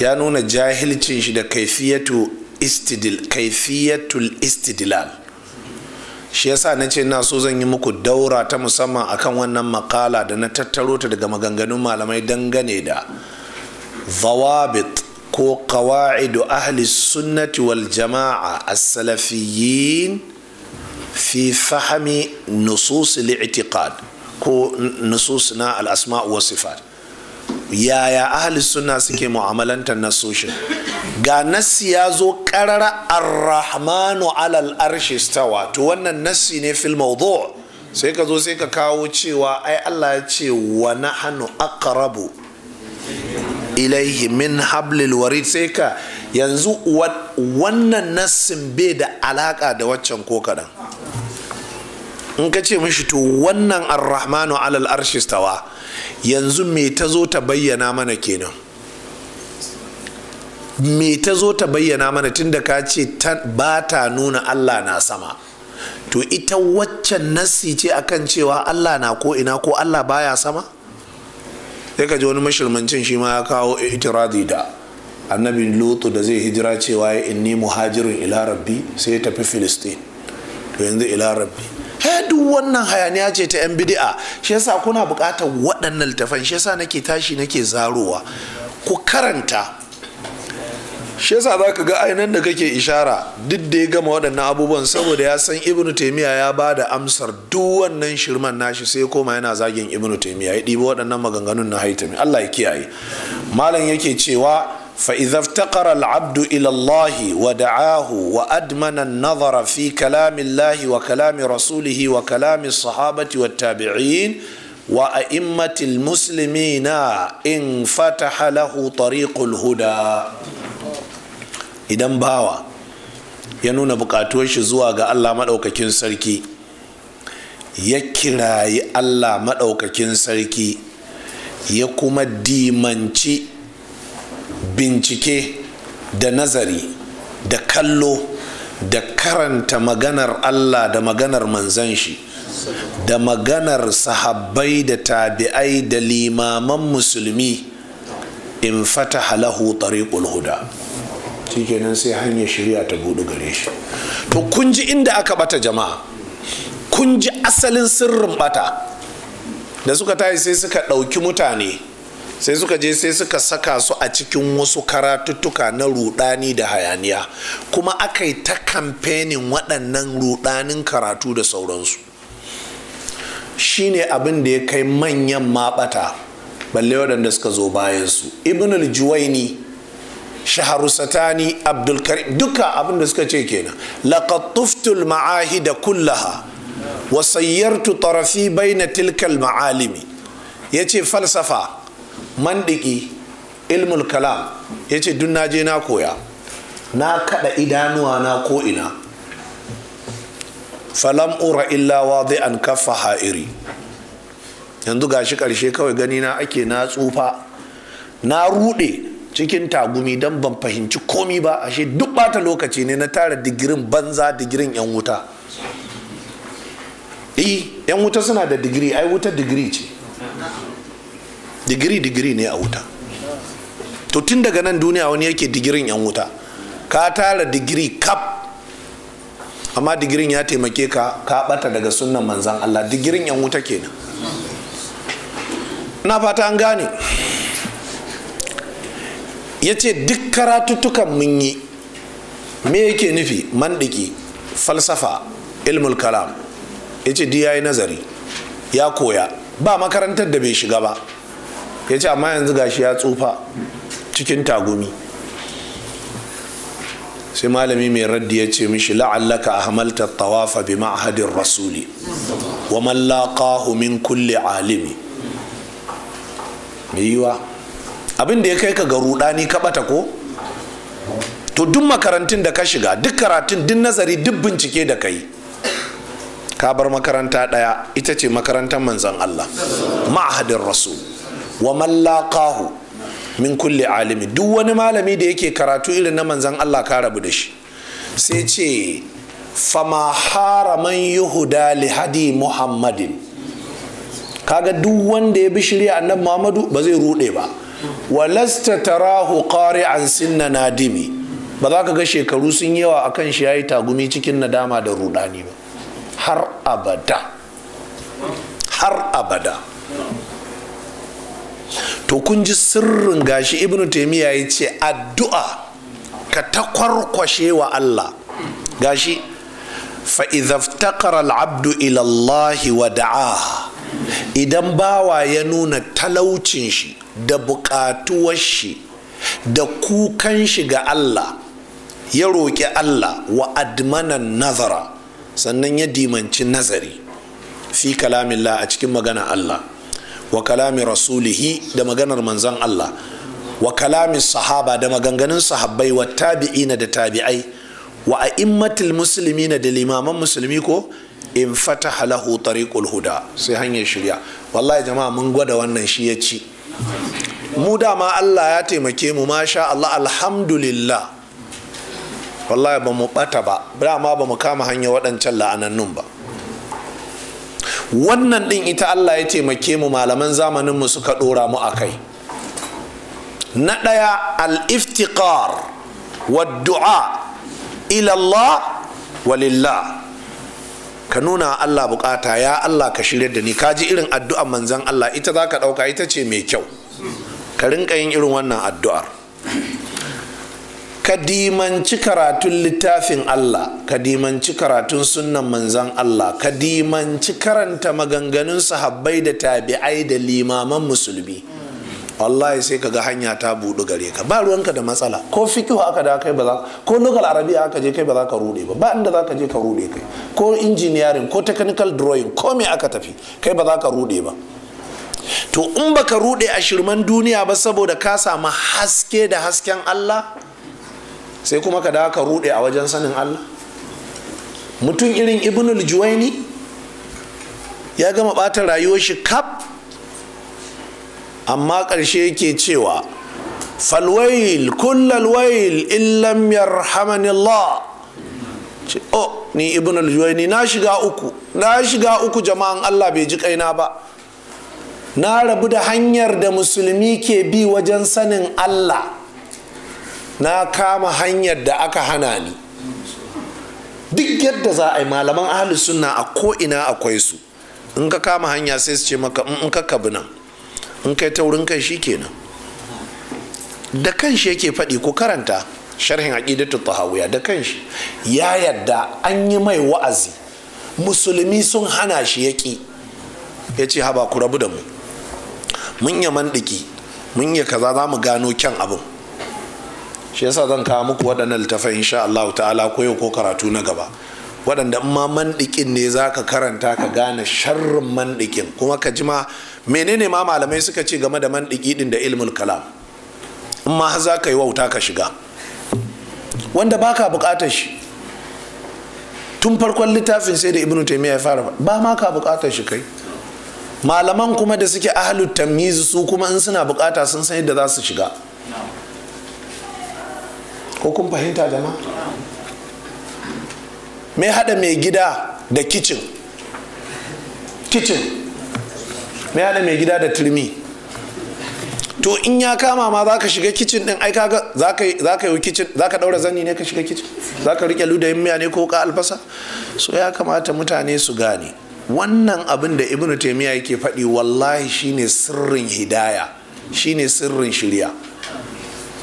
Speaker 1: ya nuna jahilcin shi da kaifiyatul istidilal shi yasa na ce na so zan yi muku daura ta musamman akan wannan makala da na tattaro ta daga maganganun malamai dangane da zawabit ko qawa'idu ahli sunnati wal jama'a a salafiyyin fi fahmi nusus al ko nusus na al'asma wa sifat yaya ahli sunna suke mu'amalantar nasoshi ga nasi ya zo karara arrahmanu alal arshi stawa to wannan nassi ne fil maudu' sai ka zo sai ka kawo cewa ai Allah ya ce wa nahnu aqrabu ilaihi min hablil warid sai ka yanzu wannan nasin bai da alaka da waccan ko kadan in ka ce mishi to wannan arrahmanu alal arshistawa yanzu me ta zo ta bayyana mana kenan me ta zo ta bayyana mana tunda ka ce ba ta nuna allah na sama to ita waccan nassi ce akan cewa allah na ko ina ko allah baya sama sai ka ji wani mashirmancin shi ma ya kawo itiradi da annabin lutu da zai hijira cewa inni muhajirin ila rabbi sai ya tafi filistin to yanzu ila rabbi he duk wannan hayaniya ce ta yan bidi'a shi yasa kuna bukatar waɗannan littafan shi yasa nake tashi nake zarowa ku karanta shi yasa za ka ga ainihin da kake ishara duk da ya gama waɗannan abubuwan saboda ya san ibn taimiya ya ba da amsar duk wannan shirman nashi sai koma yana zagin ibnu taimiya ya ɗibi waɗannan maganganun na haitami allah ya kiyaye malam yake cewa fa idza iftaqara al wa da'ahu wa admana an-nadhara fi kalam Allah wa kalam rasulih wa kalam as-sahabati wa at wa a'immat al-muslimina in fataha lahu tariq al-huda idan bawa ya nuna bukatuwar shi zuwa ga Allah madaukakin sarki ya kirayi Allah madaukakin sarki ya kuma dimanci bincike da nazari da kallo da karanta maganar allah da maganar manzan shi da maganar sahabbai da tabi'ai da limaman musulmi in fata halahu tariqul huda shikenan sai hanyar shirya ta budu gare shi to kun ji inda aka bata jama'a kun ji asalin sirrin bata da suka tashi sai suka ɗauki mutane sai suka je sai suka saka su a cikin wasu karatuttuka na rudani da hayaniya kuma aka yi ta kamfenin waɗannan rudanin karatu da sauransu Shi ne abin da ya kai manyan maɓata balle waɗanda suka zo bayansu ibn al-juwaini abdulkarim duka abin da suka ce kenan laqad tuftul ma'ahida kullaha wa sayyartu tarafi baina tilkal ma'alimi yace falsafa mandiki ilmul kalam ya ce dun naje na koya na kada idanuwa na ko'ina falam ura illa zai an kafa ha'iri yanzu gashi karshe kawai gani na ake na tsufa na rude cikin tagumi don ban fahimci komi ba ashe duk bata lokaci ne na tara digirin banza digirin yan wuta yan eh, wuta suna da digiri ai wuta digiri ce digiri digiri ne a wuta to tun daga nan duniya wani yake digirin yan wuta ka tara digiri kap amma digirin ya taimake ka ka bata daga sunnan manzan Allah digirin yan wuta kenan na fata an gane ya ce duk karatuttukan mun yi me yake nufi mandiki falsafa ilmul kalam ya ce ya yi nazari ya koya ba makarantar da bai shiga ba ya ce amma yanzu gashi ya tsufa cikin tagumi sai malami mai raddi ya ce mishi la'allaka a ahmalta tawafa bi ma'ahadin rasuli wa man min kulli alimi yiwa abin da ya kai ka ga rudani ka bata ko to duk makarantun da ka shiga duk karatun duk nazari duk bincike da kai ka bar makaranta daya ita ce makarantar manzon Allah Ma'ahadin rasul wa mallakahu min kulle alimi duk wani malami da yake karatu irin na manzan Allah ka rabu da shi sai ce fama haraman yuhuda li hadi muhammadin kaga duk wanda ya bi shirya annabi muhammadu ba zai rude ba walasta tarahu qari'an sinna nadimi ba za ka ga shekaru sun yawa akan shi yayi tagumi cikin nadama da rudani ba har abada har abada to kun ji sirrin gashi ibnu taimiyya ya ce addu'a ka takwarkwashe wa allah gashi fa'izaftaqara al'abdu ilallahi wa da'a idan bawa ya nuna talaucin shi da buƙatuwar shi da kukan shi ga allah ya roƙi allah wa admanan nazara sannan ya dimanci nazari fi kalamin la a cikin magana allah wa kalami rasulihi da maganar manzan Allah wa kalami sahaba da maganganun sahabbai wa tabi'ina da tabi'ai wa musulmi na da limaman musulmi ko in fataha lahu tariqul huda sai hanyar shirya wallahi jama'a mun gwada wannan shi ya ci mu dama Allah ya taimake mu masha Allah alhamdulillah wallahi ba mu bata ba dama ba mu kama hanyar waɗancan la'anannun ba wannan ɗin ita allah ya taimake mu malaman zamaninmu suka ɗora mu a kai na ɗaya al-iftiqar wa du'a ilallah walillah ka nuna allah bukata ya allah ka shirya da ni Ka ji irin addu'ar manzan allah ita za ka ɗauka ita ce mai kyau ka rinka yin irin wannan addu'ar ka dimanci karatun littafin Allah kadimanci karatun sunnan manzan Allah ka dimanci karanta maganganun sahabbai da tabi'ai da limaman musulmi wallahi sai ka ga hanya ta budu gare ka ba ruwanka da matsala ko fikihu aka da kai ba za ko local arabiya aka je kai ba za ka rude ba ba inda za ka je ka rude kai ko engineering ko technical drawing ko me aka tafi kai ba za ka rude ba to in baka rude a shirman duniya ba saboda ka samu haske da hasken Allah sai kuma ka da ka rude a wajen sanin Allah mutum irin ibnul juwaini ya gama ɓata rayuwar shi kaf amma ƙarshe yake cewa falwail kullal wail illam yarhamani Allah o oh, ni ibn al-juwaini na shiga uku na shiga uku jama'an Allah bai ji kaina ba na rabu da hanyar da musulmi ke bi wajen sanin Allah na kama hanyar da aka hana ni duk yadda za a yi malaman ahalus sunna a ko'ina akwai su in ka kama hanya sai su ce maka mm, in ka kabi nan in kai wurin kai shi kenan da kanshi yake faɗi ko karanta sharhin aqidatu tahawiyya da kanshi ya yadda an yi mai wa'azi musulmi sun hana shi yaki ya ce haba ku rabu da mu mun yi mandiki mun yi kaza za mu gano kyan abin shi yasa zan kawo muku waɗannan littafai insha Allah ta'ala ko yau ko karatu na gaba waɗanda in ma mandikin ne za ka karanta ka gane sharrin mandikin kuma ka ji ma menene ma malamai suka ce game da mandiki din da ilmul kalam in ma za ka yi wauta ka shiga wanda baka bukatar shi tun farkon littafin sai da ibnu Taimiyya ya fara ba ma ka bukatar shi kai malaman kuma da suke ahlu tamyiz su kuma in suna bukata sun san yadda za su shiga ko kun fahimta jama'a me hada mai gida da kicin kicin me hada mai gida da turmi to in ya kama ma za ka shiga kicin din ai kaga za ka yi kicin za ka daura zanni ne ka shiga kicin za ka rike ludayin miya ne ko ka alfasa so ya kamata mutane su gane wannan abin da ibnu taimiyya yake faɗi wallahi shine sirrin hidaya shine sirrin shirya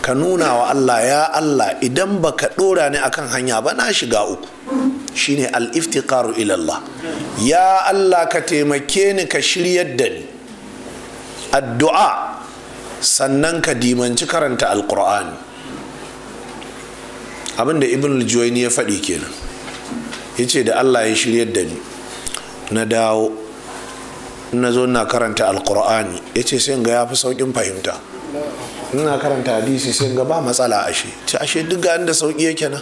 Speaker 1: ka nuna wa Allah ya Allah idan ba ka ɗora ni akan hanya ba na shiga uku shine al-iftiqaru ilallah ya Allah ka taimake ni ka shiryar da ni addu'a sannan ka dimanci karanta alkur'ani abinda ibn al ya faɗi kenan ya ce da Allah ya shiryar da ni na dawo na zo na karanta alkur'ani ya ce sai ga ya fi sauƙin fahimta ina karanta hadisi sai ga ba matsala ashe ce ashe duk ga da sauki yake nan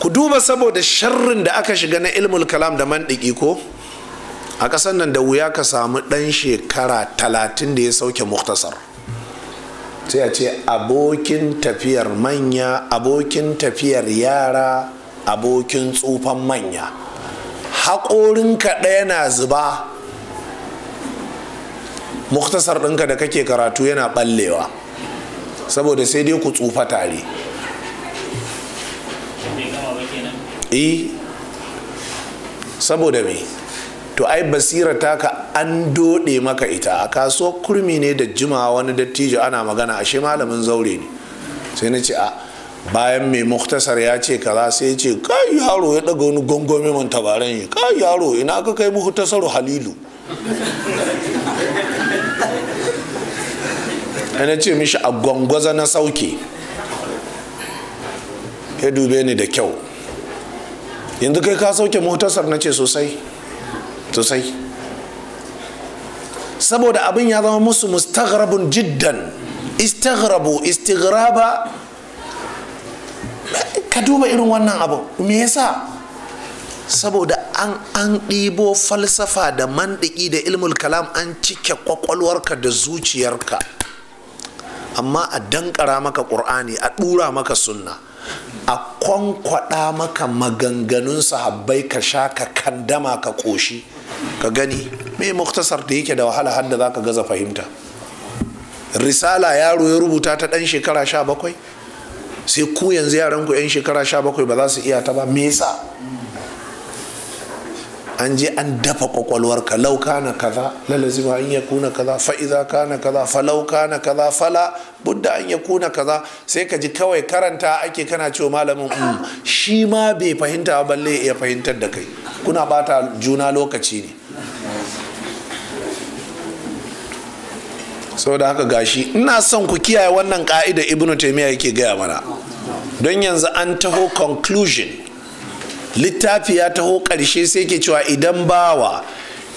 Speaker 1: ku duba saboda sharrin da aka shiga na ilmul kalam da diki ko a kasan nan da wuya ka samu ɗan shekara talatin da ya sauke muktasar sai a ce abokin tafiyar manya abokin tafiyar yara abokin tsufan manya haƙorinka ɗaya na zuba muktasar ɗinka da kake karatu yana ɓallewa saboda sai dai ku tsufa tare e saboda me to ai basira taka an doɗe maka ita a kasuwar kurmi ne da jimawa wani dattijo ana magana ashe malamin zaure ne sai na ce a bayan mai muktasar ya ce kaza sai ya ce kai yaro ya daga wani gongomi mun tabaran ya kai yaro ina ka kai muktasar halilu na ce mishi a gwangwaza na sauke ya dube ni da kyau yanzu kai ka sauke motasar na ce sosai sosai saboda abin ya zama musu mustagrabun jiddan istagrabu istigraba ka duba irin wannan abu me yasa saboda an an ɗibo falsafa da mandiki da ilmul kalam an cike kwakwalwarka da zuciyarka amma a dankara maka ƙur'ani a ɗura maka sunna a kwankwaɗa maka maganganun sahabbai ka sha ka kandama ka ƙoshi ka gani me muktasar da yake da wahala hadda za ka gaza fahimta risala yaro ya rubuta ta ɗan shekara sha bakwai sai ku yanzu yaranku 'yan shekara sha bakwai ba za su iya ta ba me yasa an je an dafa kwakwalwar ka lau kana kaza la lazima an yakuna kaza fa kana kaza fa lau kana kaza fala budda an yakuna kaza sai ka ji kawai karanta ake kana cewa malamin mm, shi ma bai fahimta ba balle ya fahimtar da kai kuna bata juna lokaci ne sau da haka gashi ina son ku kiyaye wannan ka'ida ibnu taimiyya yake gaya mana don yanzu an taho conclusion littafi ya taho ƙarshe sai ke cewa idan bawa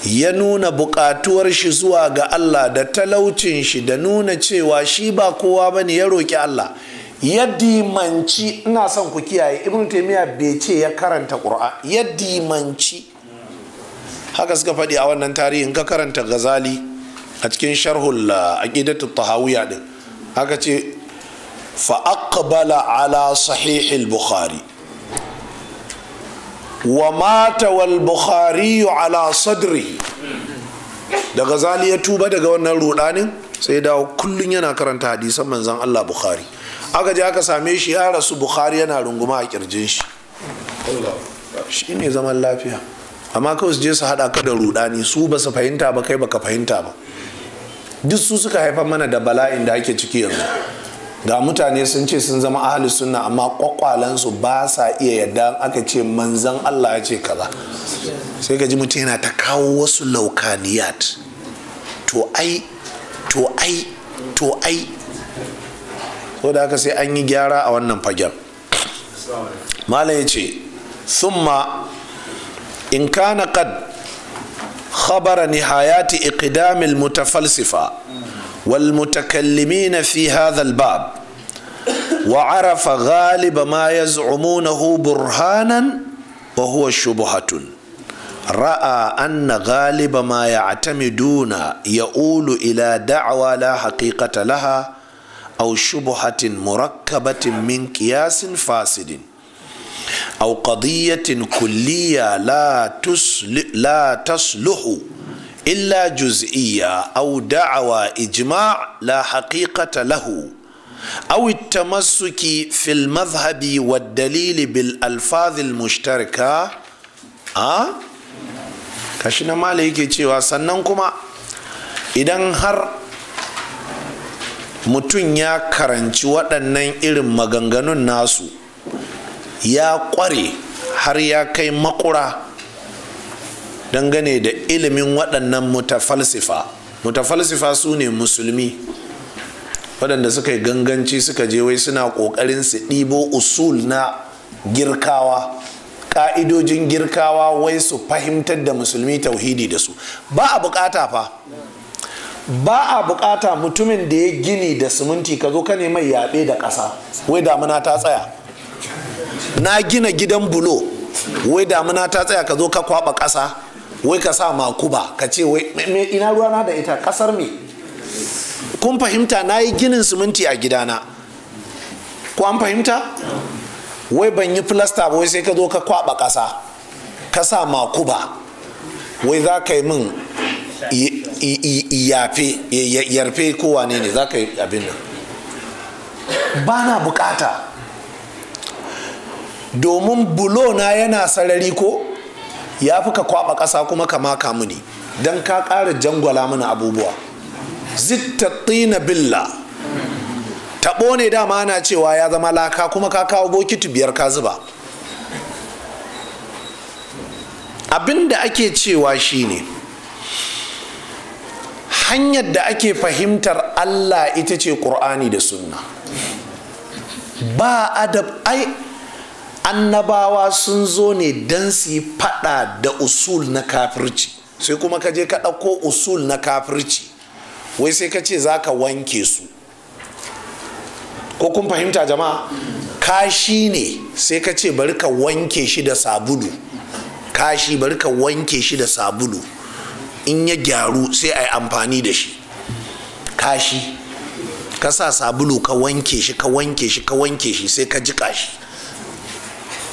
Speaker 1: ya nuna buƙatuwar shi zuwa ga Allah da talaucin shi da nuna cewa shi ba kowa ba ne ya roƙi Allah ya dimanci ina son ku kiyaye ibn taimiyya bai ce ya karanta ƙura ya dimanci haka suka faɗi a wannan tarihin ka karanta gazali a cikin sharhul ah, aqidatu tahawiyya din haka ce fa aqbala ala sahihil bukhari wa mata wal bukhari ala sadri Daga zali ya tuba daga wannan rudanin sai dawo kullun yana karanta hadisan manzan Allah bukhari aka je aka same shi ya rasu bukhari yana runguma a kirjin shi shi ne zaman lafiya amma kawai su je su haɗa ka da rudani su ba su fahimta ba kai baka fahimta ba duk su suka haifar mana da bala'in da ake ciki yanzu Da mutane sun ce sun zama ahli sunna amma kwakwalansu ba sa iya yadda aka ce manzan Allah ya ce kaza sai ka ji mutum yana ta kawo wasu laukaniyat to ai to ai to ai so da haka sai an yi gyara a wannan fagen malam ya ce summa in kana kad khabara nihayati iqdamil mutafalsifa والمتكلمين في هذا الباب وعرف غالب ما يزعمونه برهانا وهو شبهة رأى أن غالب ما يعتمدون يؤول إلى دعوى لا حقيقة لها أو شبهة مركبة من قياس فاسد أو قضية كلية لا لا تصلح illa juz'iyya aw da'awa ijma' la haqiqata lahu aw at-tamassuki fil madhhabi wa dalili bil alfaz al mushtarika a kashi na mala yake cewa sannan kuma idan har mutum ya karanci waɗannan irin maganganun nasu ya ƙware har ya kai maƙura. dangane da ilimin waɗannan mutafalsifa mutafalsifa su ne musulmi waɗanda suka yi ganganci suka je wai suna ƙoƙarin su ɗibo usul na girkawa ƙa'idojin girkawa wai su fahimtar da musulmi tauhidi da su ba a buƙata fa ba a bukata mutumin da ya gini da siminti ka zo ka mai yaɓe da ƙasa wai damuna ta tsaya na gina gidan bulo wai damuna ta tsaya ka zo ka kwaɓa ƙasa wai ka sa makuba ka ce wai me ina ruwana da ita kasar me kun fahimta na yi ginin siminti a gidana Ku an fahimta wai ban yi filasta ba wai sai ka zo ka kwaba kasa ka sa makuba wai za ka yi min yafe yarfe kowa ne ne za ka yi abin nan ba na bukata domin bulo na yana sarari ko ya fi ka kwaba ƙasa kuma ka maka muni don ka ƙara jangwala mana abubuwa zittatina billa taɓo ne dama ana cewa ya zama laka kuma ka kawo bokiti biyar ka zuba abin da ake cewa shine hanyar da ake fahimtar allah ita ce ƙur'ani da sunna ba adab ai annabawa sun zo ne don su yi fada da usul na kafirci sai kuma ka je ka ɗauko usul na kafirci wai sai ka ce za ka wanke su ko kun fahimta jama'a kashi ne sai ka ce bari ka wanke shi da sabulu kashi bari ka wanke shi da sabulu in ya gyaru sai a yi amfani da shi kashi ka sa sabulu ka wanke shi ka wanke shi ka wanke shi sai ka jika shi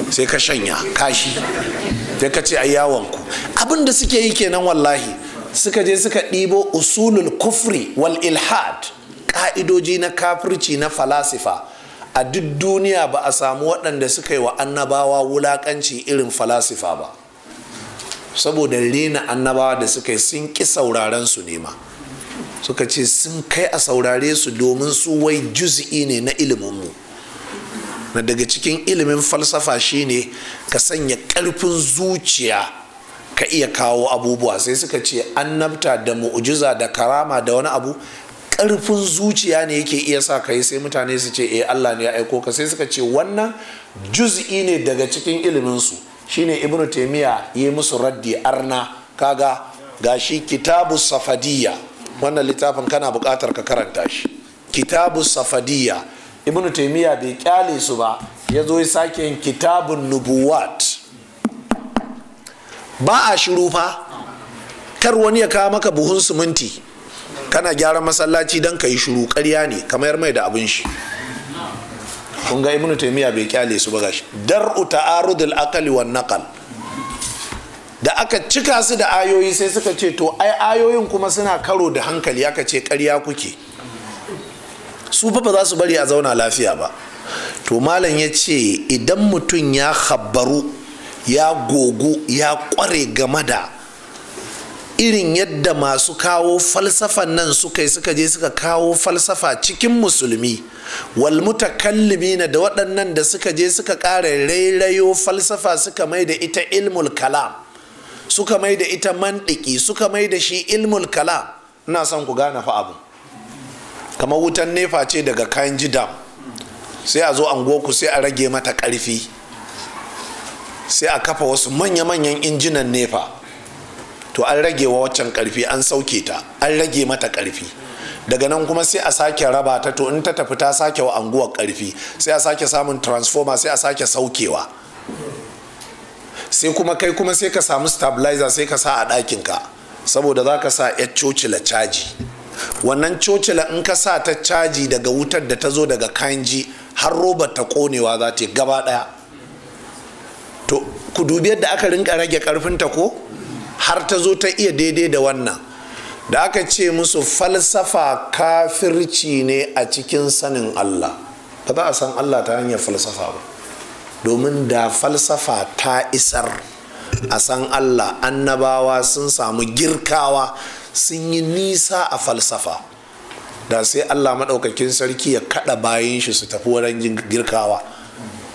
Speaker 1: sai ka shanya kashi sai ka ce a yawonku abin da suke yi kenan wallahi suka je suka ɗibo usulul kufri wal ilhad ka'idoji na kafirci na falasifa a duk duniya ba a samu waɗanda suka yi wa annabawa wulaƙanci irin falasifa ba saboda rena annabawa da suka yi sun ƙi sauraren su nema suka ce sun kai a saurare su domin su wai juzi'i ne na iliminmu mu na daga cikin ilimin falsafa shine ka sanya ƙarfin zuciya ka iya kawo abubuwa sai suka ce annabta da mu'ujiza da karama da wani abu ƙarfin zuciya ne yake iya sa ka yi sai mutane su ce eh Allah ne ya aiko ka sai suka ce wannan juz'i ne daga cikin ilimin su shine ibnu taymiya yi musu raddi arna kaga shi kitabu safadiyya wannan littafin kana buƙatar ka karanta shi kitabu safadiyya ibnu taimiyya bai kyale su ba ya zo ya sake yin kitabun nubuwat ba a shiru fa kar wani ya kawo maka buhun siminti kana gyara masallaci don ka yi shiru karya ne kamar mai da abin shi kun ga ibnu taimiyya bai kyale su ba gashi dar'u ta'arudul akali wan naqal da aka cika su da ayoyi sai suka ce to ai ayoyin kuma suna karo da hankali aka ce karya kuke su fa ba za su bari a zauna lafiya ba to malam ya ce idan mutum ya habbaru ya gogu ya kware game da irin yadda masu kawo falsafan nan suka yi suka je suka kawo falsafa cikin musulmi wal na da waɗannan da suka je suka ƙara rairayo falsafa suka mai da ita ilmul kalam suka mai da ita mandiki suka mai da shi ilmul kalam ina son ku gane fa abu kamar wutan nefa ce daga kayan jidam sai a zo ku sai a rage mata karfi sai a kafa wasu manya-manyan injinan nefa to an rage wa waccan karfi an sauke ta an rage mata karfi daga nan kuma sai a sake raba ta to in ta tafi ta sake wa anguwar karfi sai a sake samun transformer sai a sake saukewa sai kuma kai kuma sai ka samu stabilizer sai ka sa a ɗakinka saboda za ka sa coci cocila caji wannan cocila in ka sa ta caji daga wutar da ta zo daga kanji har robar ta konewa za ta gaba daya to ku dubi yadda aka rinka rage karfin ta ko har ta zo ta iya daidai da wannan da aka ce musu falsafa kafirci ne a cikin sanin allah ba za a san allah ta hanyar falsafa ba domin da falsafa ta isar a san allah annabawa sun samu girkawa sun yi nisa a falsafa da sai allah maɗaukakin sarki ya kaɗa bayan shi su tafi wurin girkawa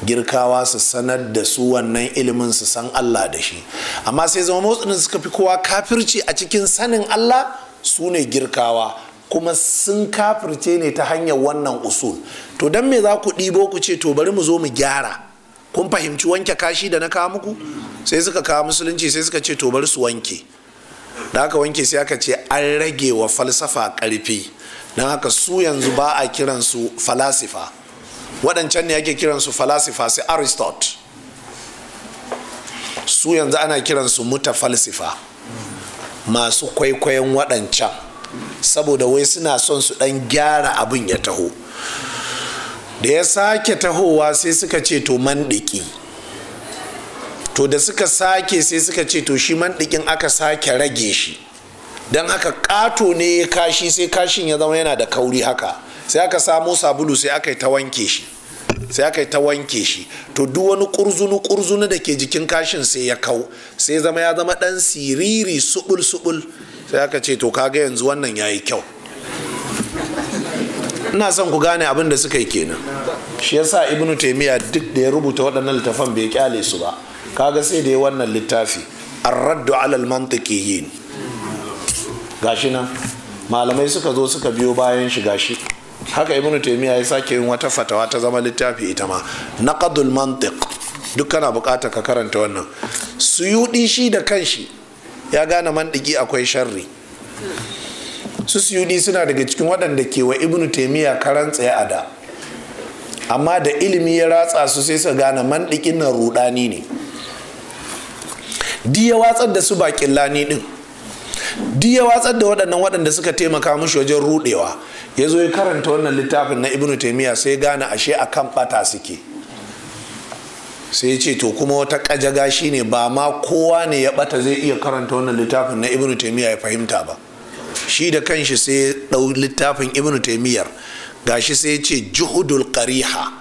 Speaker 1: girkawa su sanar da su wannan ilimin su san allah da shi amma sai zama motsin suka fi kowa kafirci a cikin sanin allah su ne girkawa kuma sun kafirce ne ta hanyar wannan usul to don me za ku ɗibo ku ce to bari mu zo mu gyara kun fahimci wanke kashi da na kawo muku sai suka kawo musulunci sai suka ce to bari su wanke da aka wanke sai aka ce an rage wa falsafa karfi. don haka su yanzu ba a kiransu falasifa waɗancan ne ake kiransu falasifa sai aristotle su yanzu ana kiransu muta falsifa masu kwaikwayon waɗancan saboda wai suna son su ɗan gyara abin ya taho da ya sake tahowa sai suka ce to ɗiki to da suka sake sai suka ce to shi mandikin aka sake rage shi don aka ƙato ne ya kashi sai kashin ya zama yana da kauri haka sai aka samo sabulu sai aka yi ta wanke shi sai aka yi ta wanke shi to duk wani kurzunu kurzunu da ke jikin kashin sai ya kau sai zama ya zama dan siriri subul subul sai aka ce to kaga yanzu wannan ya yi kyau ina son ku gane abin da suka yi kenan shi yasa ibnu taimiyya duk da ya rubuta waɗannan littafan bai kyale su ba kaga sai da ya wannan littafi arraddu alal mantiqiyin gashi nan malamai suka zo suka biyo bayan shi gashi haka Ibn taymiya ya sake yin wata fatawa ta zama littafi ita ma naqadul mantiq duk kana bukata ka karanta wannan suyudi shi da kanshi ya gane mantiki akwai sharri su suyudi suna daga cikin waɗanda ke wa Ibn taymiya karan tsaye a da amma da ilimi ya ratsa su sai su gane mantikin nan rudani ne di ya watsar da su bakin lani din di ya watsar da waɗannan waɗanda suka taimaka mushi wajen rudewa ya zo ya karanta wannan littafin na ibnu taimiyya sai gane ashe a kan ɓata suke sai ya ce to kuma wata ƙajaga shine ba ma kowa ne ya ɓata zai iya karanta wannan littafin na ibnu taimiyya ya fahimta ba shi da kanshi sai ya ɗau littafin ibnu taimiyyar gashi sai ya ce juhudul qariha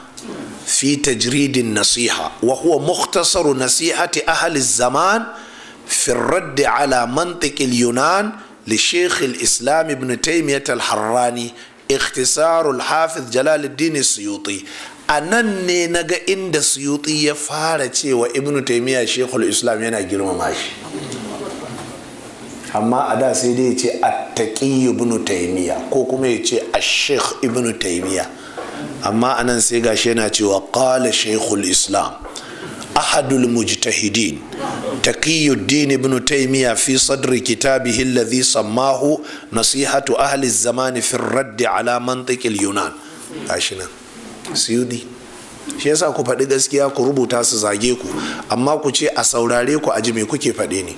Speaker 1: fi tajridin nasiha wa huwa mukhtasaru nasihati ahli zaman fi radd ala mantiq yunan li shaykh al-islam ibn taymiyah al-harrani ikhtisaru al-hafiz jalaluddin suyuti anan ne naga inda suyuti ya fara cewa ibn taymiyah shaykhul islam yana girmama shi amma a da sai dai ya ce attaqi ibn taymiyah ko kuma ya ce ash-shaykh ibn taymiyah amma anan sai gashi yana cewa qala shaykhul islam ahadul mujtahidin taqiyuddin ibn taymiya fi sadri kitabi alladhi sammahu nasihatu ahli zamani fi radd ala mantiq yunan gashi nan siyudi shi yasa ku faɗi gaskiya ku rubuta su zage ku amma ku ce a saurare ku a ji me kuke faɗi ne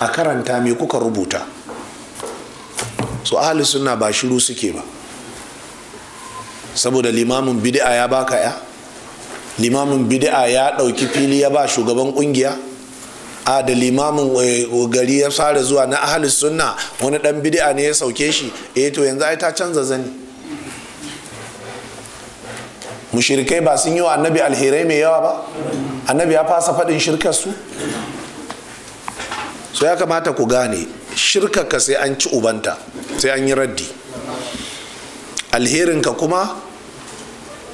Speaker 1: a karanta me kuka rubuta su ahli sunna ba shiru suke ba saboda limamin bidi'a ya baka ya limamin bidi'a ya ɗauki fili ya ba shugaban kungiya a da limamin eh, gari ya fara zuwa na ahalis sunna wani ɗan bid'a ne ya sauke shi eh to yanzu ai ta canza zani mushirikai ba sun yi wa annabi alherai mai yawa ba annabi ya fasa faɗin shirkar su so ya kamata ku gane shirkar ka sai an ci ubanta sai an yi raddi alherinka kuma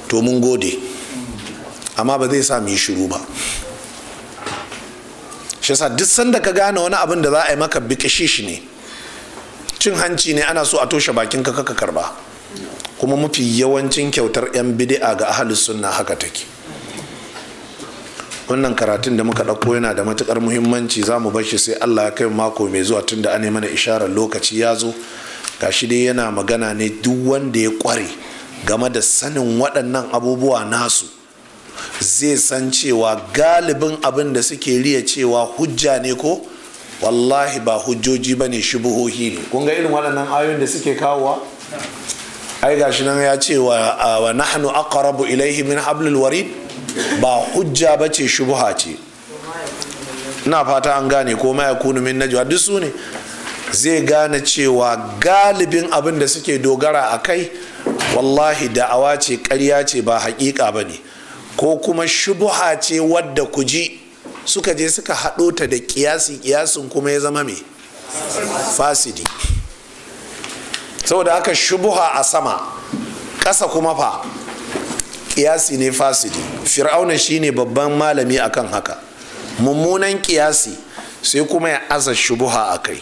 Speaker 1: to mun gode amma ba zai sa mu yi shiru ba shi yasa duk sanda ka gane wani abin da za a yi maka bikishi shi ne cin hanci ne ana so a toshe bakin ka kaka karba kuma mafi yawancin kyautar 'yan bidi'a ga ahli sunna haka take wannan karatun da muka ɗauko yana da matuƙar muhimmanci za mu bar shi sai allah ya kai mako mai zuwa tunda an yi mana isharar lokaci ya zo gashi dai yana magana ne duk wanda ya kware game da sanin waɗannan abubuwa nasu zai san cewa galibin abin da suke riya cewa hujja ne ko wallahi ba hujjoji ba ne shubuhohi ne kun ga irin waɗannan ayoyin da suke kawowa ai gashi nan ya ce wa wa nahnu aqrabu ilaihi min hablil warid ba hujja ba ce shubuha ce ina fata an gane ko mai kunu min najwa duk su ne zai gane cewa galibin abin da suke dogara a kai wallahi da'awa ce karya ce ba haƙiƙa ba ne ko kuma shubuha ce wadda ku ji suka je suka haɗo ta da ƙiyasi ƙiyasin kuma ya zama mai fasidi saboda aka shubuha a sama ƙasa kuma fa ƙiyasi ne fasidi fir'auna shine babban malami akan haka mummunan ƙiyasi sai kuma ya aza shubuha a kai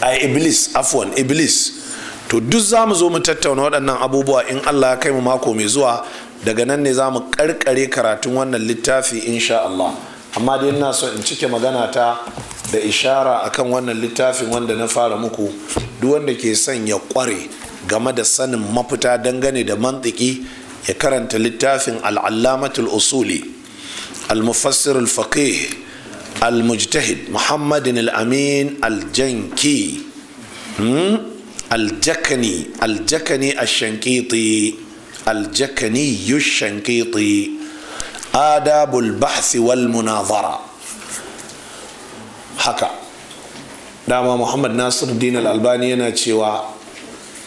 Speaker 1: a iblis afwan iblis to duk za mu zo mu tattauna waɗannan abubuwa in allah ya kai mu mako mai zuwa daga nan ne za mu karkare karatun wannan littafi insha allah amma dai ina so in cike magana ta da ishara akan wannan littafin wanda na fara muku duk wanda ke son ya kware game da sanin mafita dangane da mantiki ya karanta littafin al'allamatul usuli al-mufassir al-faqih Almujtahid محمد الأمين الجنكي الجكني الجكني الشنكيطي الجكني الشنكيطي آداب البحث والمناظرة haka dama muhammad nasiruddin al'albani yana cewa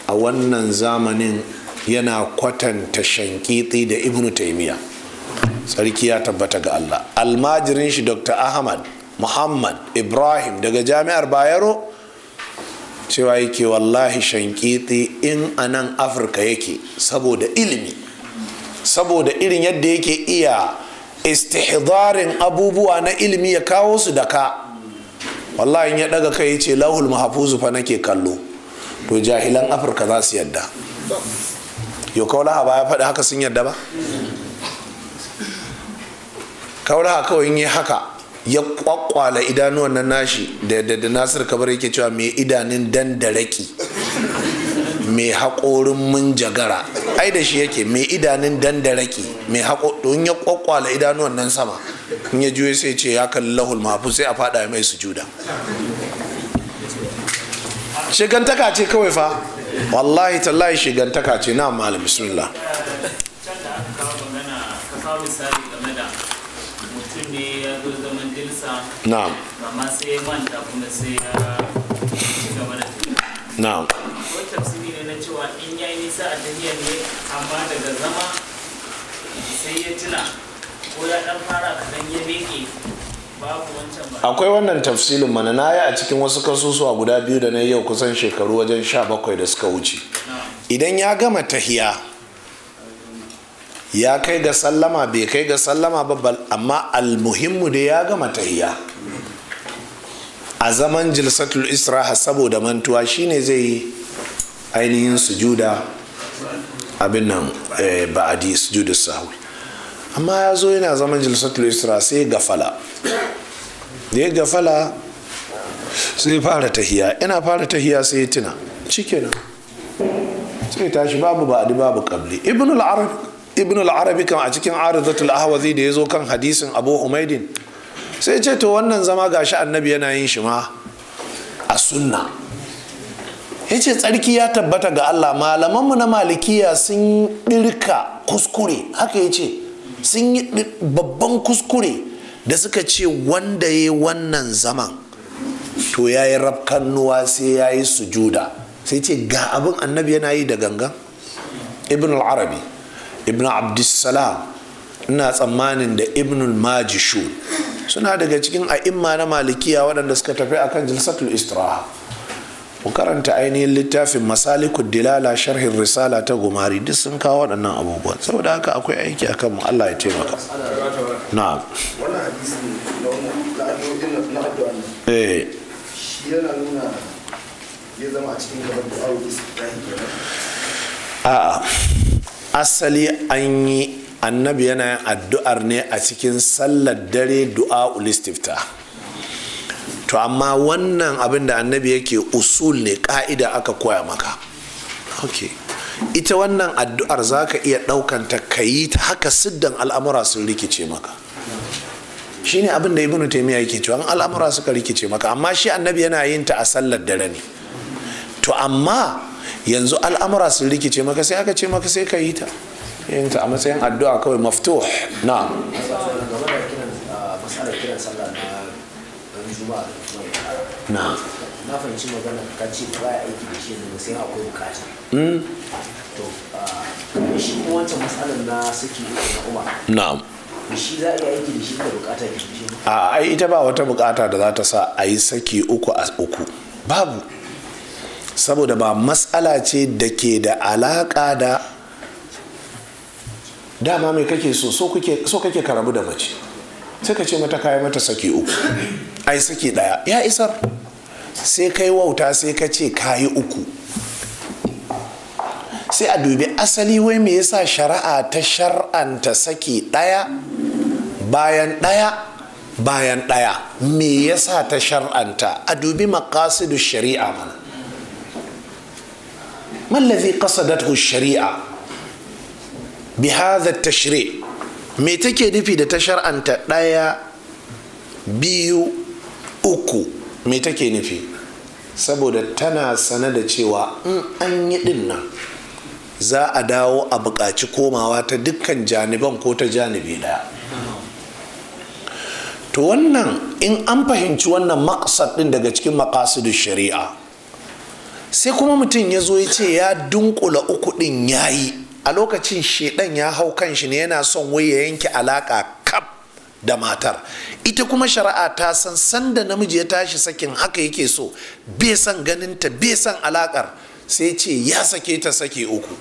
Speaker 1: a wannan zamanin yana kwatanta shankiti da ibnu taimiyya tsarki ya tabbata ga Allah almajirin shi dr ahmad muhammad ibrahim daga jami'ar bayero cewa yake wallahi shankiti in a nan afirka yake saboda ilimi saboda irin yadda yake iya istihdarin abubuwa na ilimi ya kawo su da ka wallahi ya daga kai ya ce lahul mahafuzu fa nake kallo to jahilan afirka za su yadda yau kawo ya faɗi haka sun yadda ba kaura kawai in yi haka ya kwakwala idanuwan nan nashi da yadda nasir kabar yake cewa mai idanun dandaraki mai haƙorin mun jagara ai da shi yake mai idanun dandaraki mai haƙo don ya kwakwala idanuwan nan sama in ya juye sai ce ya kalli lahul mafu sai a fada mai sujuda shigantaka ce kawai fa wallahi tallahi shigantaka ce na malam bismillah na'am na'am akwai wannan tafsilin mana na yi a cikin wasu kasusuwa guda biyu da na yau kusan shekaru wajen sha bakwai da suka wuce idan ya gama tahiya ya kai ga sallama bai kai ga sallama ba amma almuhimmu da ya gama tahiya a zaman jilsatul israha saboda mantuwa shine zai yi ainihin sujuda abin nan eh, ba'adi sujudu sahwi amma ya zo yana zaman jilsatul isra sai gafala da ya gafala sai fara tahiya ina fara tahiya sai ya tuna shikenan sai tashi babu ba'adi babu qabli ibnul arabi ibn al-arabi kan a cikin aridatul ahwazi da ya zo kan hadisin abu umaidin sai ce to wannan zama ga shi annabi yana yin shi ma a sunna ya ce tsarki ya tabbata ga allah malamanmu na malikiya sun ɗirka kuskure haka ya ce sun yi babban kuskure da suka ce wanda ya wannan zaman to ya yi rafkannuwa sai ya yi sujuda sai ce ga abin annabi yana yi da gangan ibn al-arabi ibn abdussalam ina tsammanin da ibn majishun suna daga cikin a'imma na malikiya waɗanda suka tafi akan jilsatul istiraha ku karanta ainihin littafin masalikud dilala sharhin risala ta gumari duk sun kawo waɗannan abubuwan saboda haka akwai aiki a kanmu allah ya taimaka na eh. a'a asali an yi annabi yana yin addu'ar ne a cikin sallar dare du'a ulistifta to amma wannan abin da annabi yake usul ne ka'ida aka koya maka okay. ita wannan addu'ar za ka iya ɗaukanta ka yi ta haka siddan al'amura sun rikice maka Shi ne abin da ibnu taimiyya yake cewa an al'amura suka rikice maka amma shi annabi yana yin ta a sallar dare ne to amma yanzu al'amura sun rikice maka sai aka ce maka sai ka yi ta yin ta a matsayin addu'a kawai maftuh na
Speaker 2: na na fahimci magana ka ce ba ya aiki da shi yanzu sai akwai bukata
Speaker 1: hmm? to
Speaker 2: ah, shi kuma wancan matsalar na suke na umar na'am shi za a iya aiki da shi da bukata ke
Speaker 1: a ai ita ba wata bukata da za ta sa a yi saki uku a uku babu saboda ba matsala ce da ke da alaƙa da dama mai kake so so kake karabu da mace sai ka ce mata kayi mata saki uku ai saki ɗaya ya isar sai kai wauta sai ka ce kayi uku sai a dubi asali wai me yasa shari'a ta shar'anta sake ɗaya bayan ɗaya bayan ɗaya me yasa ta shar'anta a dubi makasidu shari'a mana ما الذي قصدته الشريعة بهذا التشريع me take nufi da ta shar'anta ɗaya biyu uku me take nufi saboda tana sane da cewa in an yi dinnan. za a dawo a buƙaci komawa ta dukkan janiban ko ta janibi ɗaya to wannan in an fahimci wannan maƙasar ɗin daga cikin maƙasudin shari'a sai kuma mutum ya zo ya ce ya dunkula uku ɗin ya yi a lokacin shedan ya hau kan shi ne yana son wai ya yanke alaka kaf da matar ita kuma shari'a ta san sanda namiji ya tashi sakin haka yake so bai san ganinta bai san alakar sai ce ya sake ta sake uku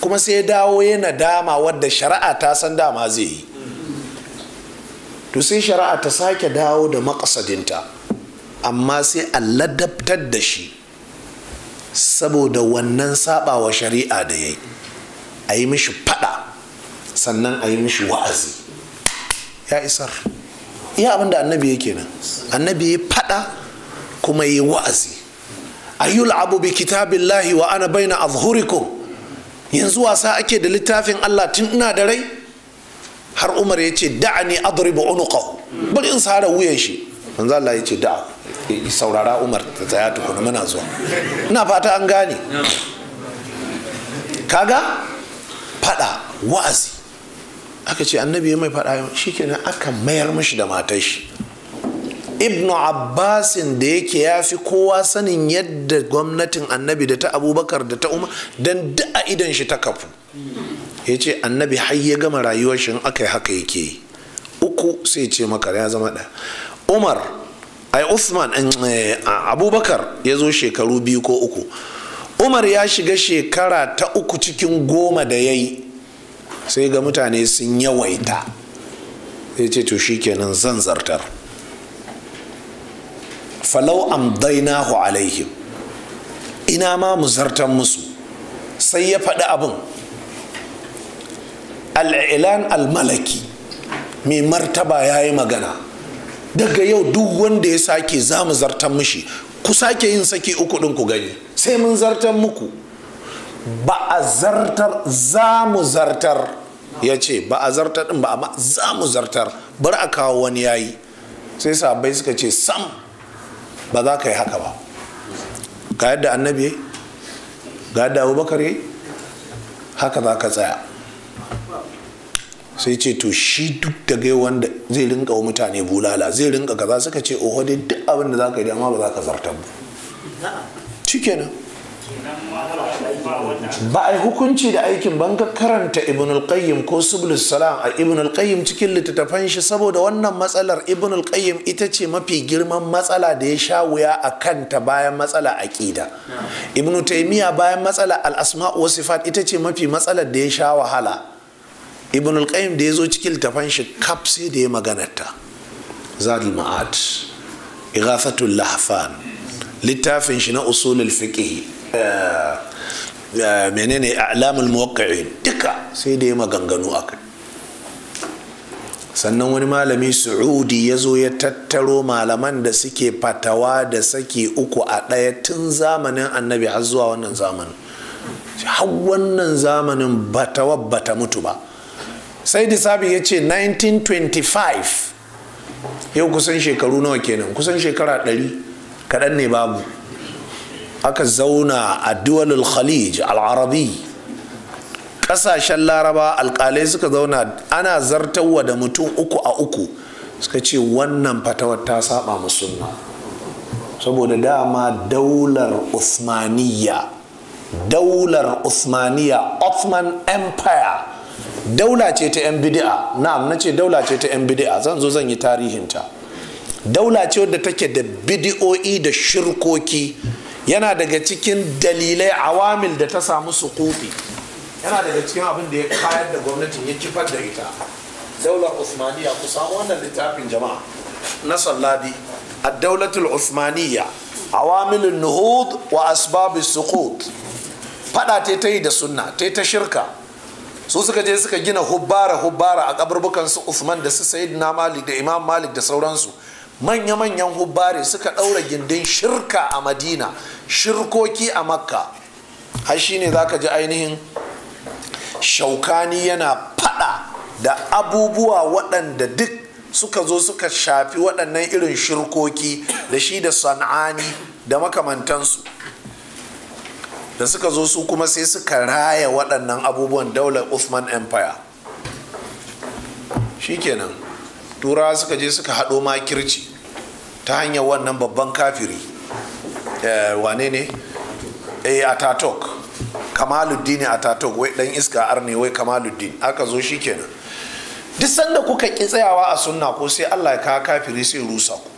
Speaker 1: kuma sai ya dawo yana dama wadda shari'a ta san dama zai yi to sai shari'a ta sake dawo da makasadinta amma sai a ladabtar da shi saboda wannan saɓawa shari'a da ya yi a yi mishi fada sannan a yi mishi wa'azi ya isar iya abinda annabi yake nan annabi ya fada kuma yi wa'azi yi abu bi kitabillahi wa ana baina azhurikum yanzu wasa ake da littafin Allah tun ina da rai har Umar ya ce da'ani adribu unuqahu bari in sare wuyan shi manzo Allah ya ce da'a saurara umar ta tsaya tukuna muna zuwa ina fata an gane kaga fada wa'azi aka ce annabi ya mai fada kenan aka mayar mashi da matar shi ibnu abbasin da yake ya fi kowa sanin yadda gwamnatin annabi da ta abubakar da ta umar don da'a idan shi ta kafu ya ce annabi har ya gama rayuwar shi aka yi haka yake yi uku sai ce makar ya zama ɗaya umar ai usman eh, eh, abubakar ya zo shekaru biyu ko uku umar ya shiga shekara ta uku cikin goma da ya yi sai ga mutane sun yawaita ya ce to kenan zan zartar falau amdainahu alaihim ina ma mu zartar musu sai ya faɗi abin al'ilan al-malaki mai martaba ya yi magana daga yau duk wanda ya sake za mu zartan mishi ku sake yin saki uku ɗin ku gani sai mun zartan muku ba a zartar za mu zartar ya ce ba a zartar ɗin ba amma za mu zartar bar a kawo wani yayi sai sabai suka ce sam ba za ka yi haka ba ga yadda annabi ga yadda abubakar yi haka za ka tsaya sai ce to shi duk da gai wanda zai rinka wa mutane bulala zai rinka kaza suka ce oho dai duk abin da zaka yi amma ba za ka zartar ba shikenan ba a hukunci da aikin ban karanta ibn al-qayyim ko sublus salam a ibn al-qayyim cikin littattafan shi saboda wannan matsalar ibn al-qayyim ita ce mafi girman matsala da ya sha wuya a kanta bayan matsala aqida ibn taymiya bayan matsala al-asma' wa sifat ita ce mafi matsalar da ya sha wahala ibn al-qayyim da ya zo cikin littafan shi kaf sai da ya maganarta zadul ma'ad ighathatul lahfan littafin shi na usulul fiqh eh, eh, menene a'lamul muwaqqi'in duka sai da ya maganganu akai sannan wani malami su'udi ya zo ya tattaro malaman da suke fatawa da saki uku a ɗaya tun zamanin annabi har zuwa wannan zamanin har wannan zamanin batawa bata mutu ba sai disabi ya ce 1925 yau kusan shekaru nawa kenan kusan shekara ɗari kaɗan ne babu aka zauna a duwalul khalij al'arabi ƙasashen laraba alƙalai suka zauna ana zartarwa da mutum uku a uku suka ce wannan fatawar ta saba musulma saboda dama daular usmaniya daular usmaniya ottoman empire daula ce ta 'yan bidi'a na'am na ce daula ce ta 'yan bidi'a zan zo zan yi tarihinta daula ce wadda take da bidi'o'i da shirkoki yana daga cikin dalilai awamil da ta samu sukufi yana daga cikin abin da ya kayar da gwamnatin ya kifar da ita daula usmaniya ku samu wannan littafin jama'a na sallabi a daulatul usmaniya awamilun nuhud wa asbabi sukut fada ta yi da sunna ta ta shirka su suka je suka gina hubbara hubbara a kaburbukan su Usman da su Sayyidina Malik da Imam Malik da sauransu manya-manyan hubbare suka ɗaura gindin shirka a Madina shirkoki a Makka har shine zaka ji ainihin shaukani yana fada da abubuwa waɗanda duk suka zo suka shafi waɗannan irin shirkoki da shi da san'ani da makamantansu da suka zo su kuma sai suka raya waɗannan abubuwan daular Uthman empire shikenan turawa suka je suka haɗo makirci ta hanyar wannan babban kafiri eh, wane ne a eh, atatok kamaluddin atatok wai dan iska arne wai kamaluddin aka zo shikenan duk sanda kuka ƙi tsayawa a sunna ko sai allah ya kawo kafiri sai rusa ku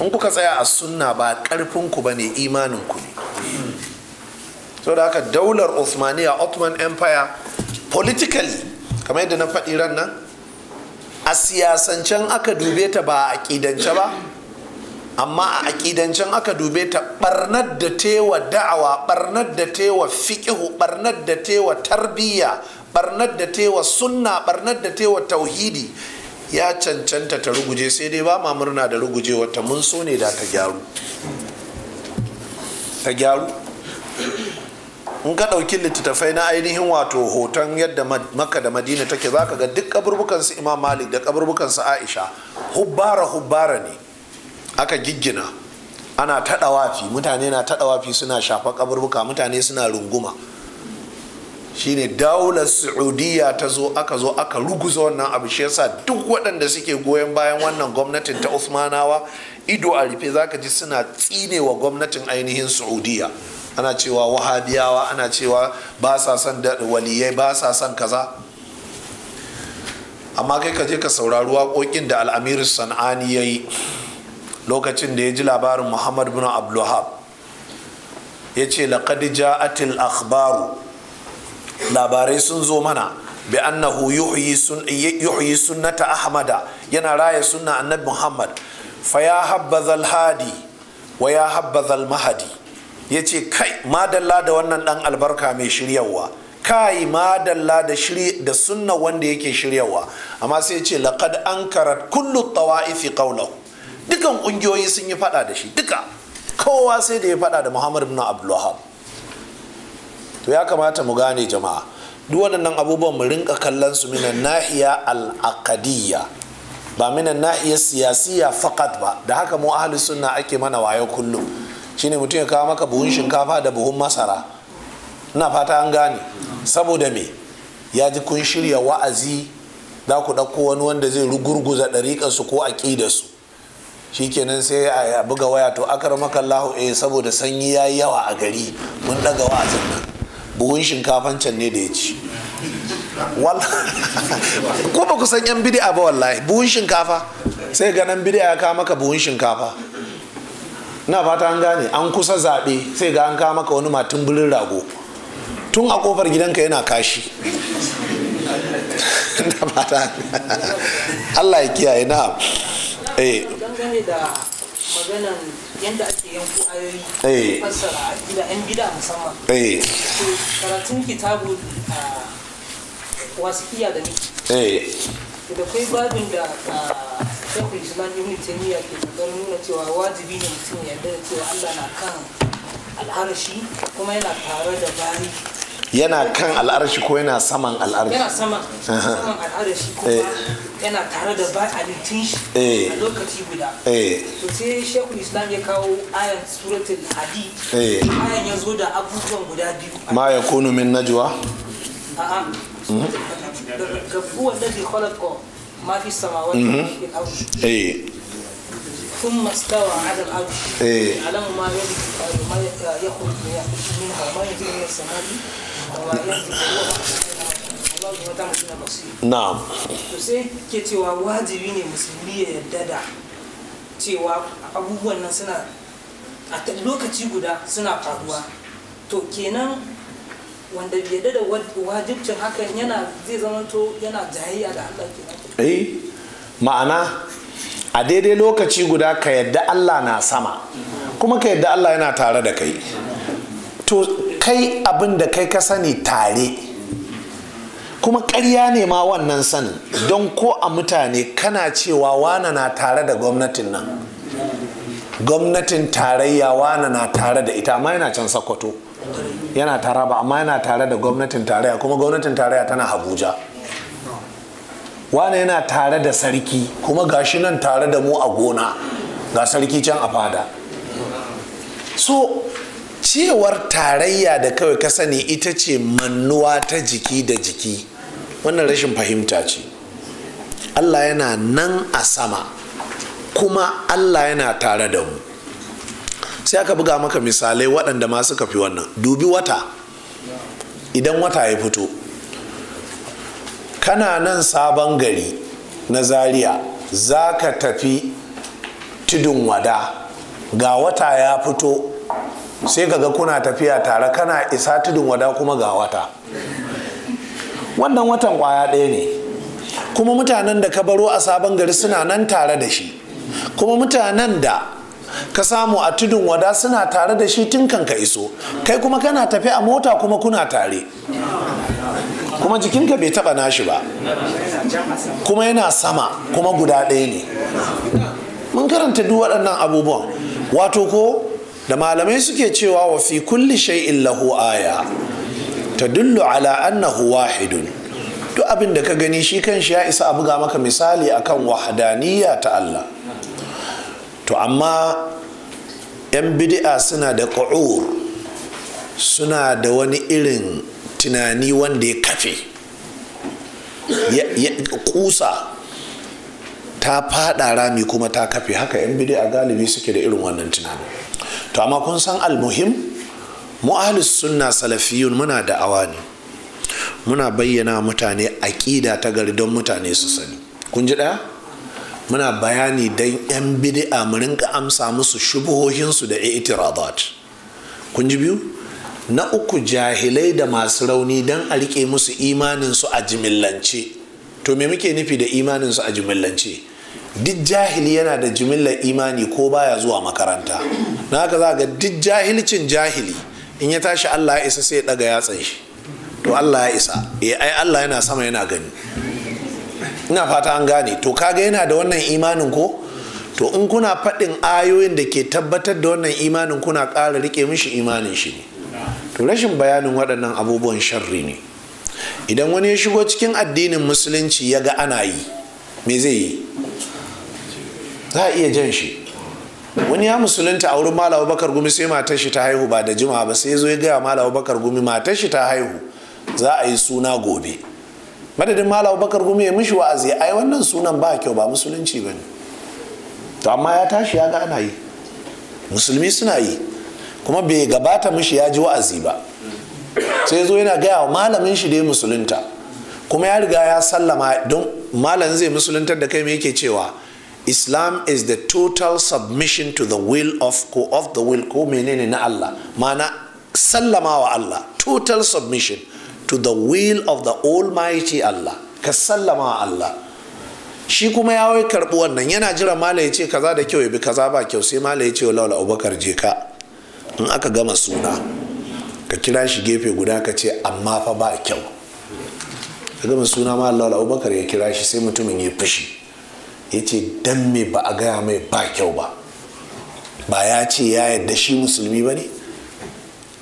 Speaker 1: in kuka tsaya a sunna ba ku ba ne imaninku ne so da haka daular Osmaniya ottoman empire politically kamar yadda na faɗi ran nan a siyasancen aka dube ta ba a aƙidance ba amma a aƙidancen aka dube ta ɓarnar da tewa da'awa ɓarnar da tewa fiƙihu ɓarnar da tewa tarbiyya ɓarnar da tewa sunna ɓarnar da tewa tauhidi ya cancanta ta ruguje sai dai ba ma murna da ruguje wata mun so ne da ta gyaru ta gyaru in ka ɗauki littattafai na ainihin wato hoton yadda makka da madina take za ka ga duk kaburbukansu imam malik da kaburbukan aisha hubbara hubbara ne aka giggina ana wafi mutane na taɗawafi suna shafa kaburbuka mutane suna runguma shine daular saudiya ta zo aka zo aka ruguza wannan abu shi yasa duk waɗanda suke goyon bayan wannan gwamnatin ta usmanawa ido a rufe zaka ji suna tsine wa gwamnatin ainihin saudiya ana cewa wahabiyawa ana cewa ba sa son waliyai ba sa son kaza amma kai ka je ka saurari waƙoƙin da al'amiru san'ani ya yi lokacin da ya ji labarin muhammad bin abdulhab ya ce laqad ja'atil akhbaru labarai sun zo mana bi annahu yuhyi sunnata ahmada yana raya sunna annabi muhammad fa ya habbazal hadi wa ya habbazal mahadi ya ce kai madalla da wannan dan albarka mai shiryawa kai madalla da shiri da sunna wanda yake shiryawa amma sai ce laqad ankarat kullu tawaifi qawlahu dukan kungiyoyi sun yi fada da shi duka kowa sai da ya fada da muhammad ibn abdul to ya kamata mu gane jama'a duk waɗannan abubuwan mu rinka kallon su minan nahiya al'akadiyya ba minan nahiya siyasiya fakat ba da haka mu ahli sunna ake mana wayo kullum shine mutum ya kawo maka buhun shinkafa da buhun masara ina fata an gane saboda me ya ji kun shirya wa'azi za ku ɗauko wani wanda zai rugurguza ɗariƙarsu ko aƙidarsu shikenan sai a buga waya to akar makallahu eh saboda sanyi ya yi yawa a gari mun ɗaga wa'azin nan buhun shinkafan can ne da ya ci ko ba ku san yan bid'a ba wallahi buhun shinkafa sai ganin nan ya kawo maka buhun shinkafa na fata an gane an kusa zaɓe sai ga an kawo maka wani matun rago tun a kofar gidanka yana kashi na fata Allah ya kiyaye na
Speaker 2: eh maganan yadda ake yanko ayoyi eh. fassara akida yan bida musamman eh. karatun kitabu a wasikiya da ni eh. da kai babin da shekul islam ibn taymiya ke kokarin nuna cewa wajibi ne mutum ya yarda da cewa Allah na kan alharashi kuma yana tare da bari
Speaker 1: yana kan al'arshi ko yana saman al'arshi yana saman saman
Speaker 2: al'arshi kuma eh. yana tare da ba halittun shi eh. a lokaci guda eh. to sai shekul islam ya kawo ayan suratul hadid
Speaker 1: ayan
Speaker 2: ya zo da abubuwan guda biyu
Speaker 1: ma yakunu min najwa
Speaker 2: a'a hmm? gabuwa da bi khalaqa ma fi samawati wal
Speaker 1: ardi
Speaker 2: ثم استوى على العرش يعلم ما يلج ما يخرج منها ما ينزل من السماء na'am to sai ke cewa wajibi ne musulmi ya yarda da cewa abubuwan nan suna a lokaci guda suna faruwa to kenan wanda bai yarda da wajibcin hakan yana zai zamanto yana jayayya da Allah kenan
Speaker 1: eh ma'ana a daidai lokaci guda ka yarda Allah na sama kuma ka yarda Allah yana tare da kai to kai abin da kai ka sani tare kuma ƙarya ne ma wannan sanin don ko a mutane kana cewa wana na tare da gwamnatin nan gwamnatin tarayya wana na tare da ita amma yana can sakwato yana tara ba amma yana tare da gwamnatin tarayya kuma gwamnatin tarayya tana abuja Wana yana tare da sarki kuma gashi nan tare da mu a gona ga sarki can a fada so cewar tarayya da kawai ka sani ita ce mannuwa ta jiki da jiki wannan rashin fahimta ce allah yana nan a sama kuma allah yana tare da mu sai aka buga maka misalai waɗanda ma suka fi wannan dubi wata idan wata ya fito kana nan sabon gari na zaria za ka tafi tudun wada ga wata ya fito sai ga kuna tafiya tare kana isa tudun wada kuma ga wata wannan watan kwaya ɗaya ne kuma mutanen da ka baro a sabon gari suna nan tare da shi kuma mutanen da ka samu a tudun wada suna tare da shi tun kanka iso kai kuma kana tafi a mota kuma kuna tare kuma jikinka bai taba nashi ba kuma yana sama kuma guda ɗaya ne mun karanta duk waɗannan abubuwan wato ko da malamai suke cewa wa fi kulli shay'in lahu aya dullu ala annahu wahidun duk abin da ka gani shi kan shi ya isa a buga maka misali akan wahadaniya ta Allah to amma yan bid'a suna da ƙa'ur suna da wani irin tunani wanda ya kafe kusa ta fada rami kuma ta kafe haka yan bid'a galibi suke da irin wannan tunani to amma kun san almuhim mu ahlus sunna salafiyun muna da'awa ne muna bayyana mutane aƙida ta gari don mutane su sani kun ji ɗaya muna bayani don 'yan bid'a mu rinka amsa musu shubuhohinsu da i'tiradat kun ji biyu na uku jahilai da masu rauni don a rike musu imaninsu a jimillance to me muke nufi da imaninsu a jimillance duk jahili yana da jimillar imani ko baya zuwa makaranta na haka za ga duk jahilcin jahili in ya tashi allah ya isa sai ya daga yatsan shi to allah ya isa ya eh, ai allah yana sama yana gani ina fata an gane to kaga yana da wannan imanin ko to in kuna faɗin ayoyin da ke tabbatar da wannan imanin kuna ƙara rike mishi imanin shi ne to rashin bayanin waɗannan abubuwan sharri ne idan wani ya shigo cikin addinin musulunci ya ga ana yi me zai yi za a iya jan shi wani ya musulunta a wurin malawa bakar gumi sai matar shi ta haihu ba da jima ba sai zo ya gaya malawa bakar gumi matar shi ta haihu za a yi suna gobe madadin malawa bakar gumi ya mishi wa'azi ai wannan sunan ba kyau ba musulunci ba ne to amma ya tashi ya ga ana yi musulmi suna yi kuma bai gabata mishi ya ji wa'azi ba sai zo yana gaya wa malamin shi da ya musulunta kuma ya riga ya sallama don malam zai musuluntar da kai me yake cewa Islam is the total submission to the will of ko of the will ko menene na Allah mana sallama wa Allah total submission to the will of the almighty Allah ka sallama wa Allah shi kuma ya wai karɓi wannan yana jira mala yace ce kaza da kyau ya bi kaza ba kyau sai malai ya ce laula abubakar je ka in aka gama suna ka kira shi gefe guda ka ce amma fa ba kyau ka gama suna ma laula abubakar ya kira shi sai mutumin ya fushi ya ce dan me ba a gaya mai ba kyau ba ba ya ce ya yadda shi musulmi ba ne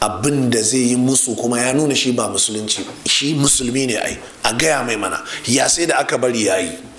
Speaker 1: abin da zai yi musu kuma ya nuna shi ba musulunci shi musulmi ne ai a gaya mai mana ya sai da aka bari ya yi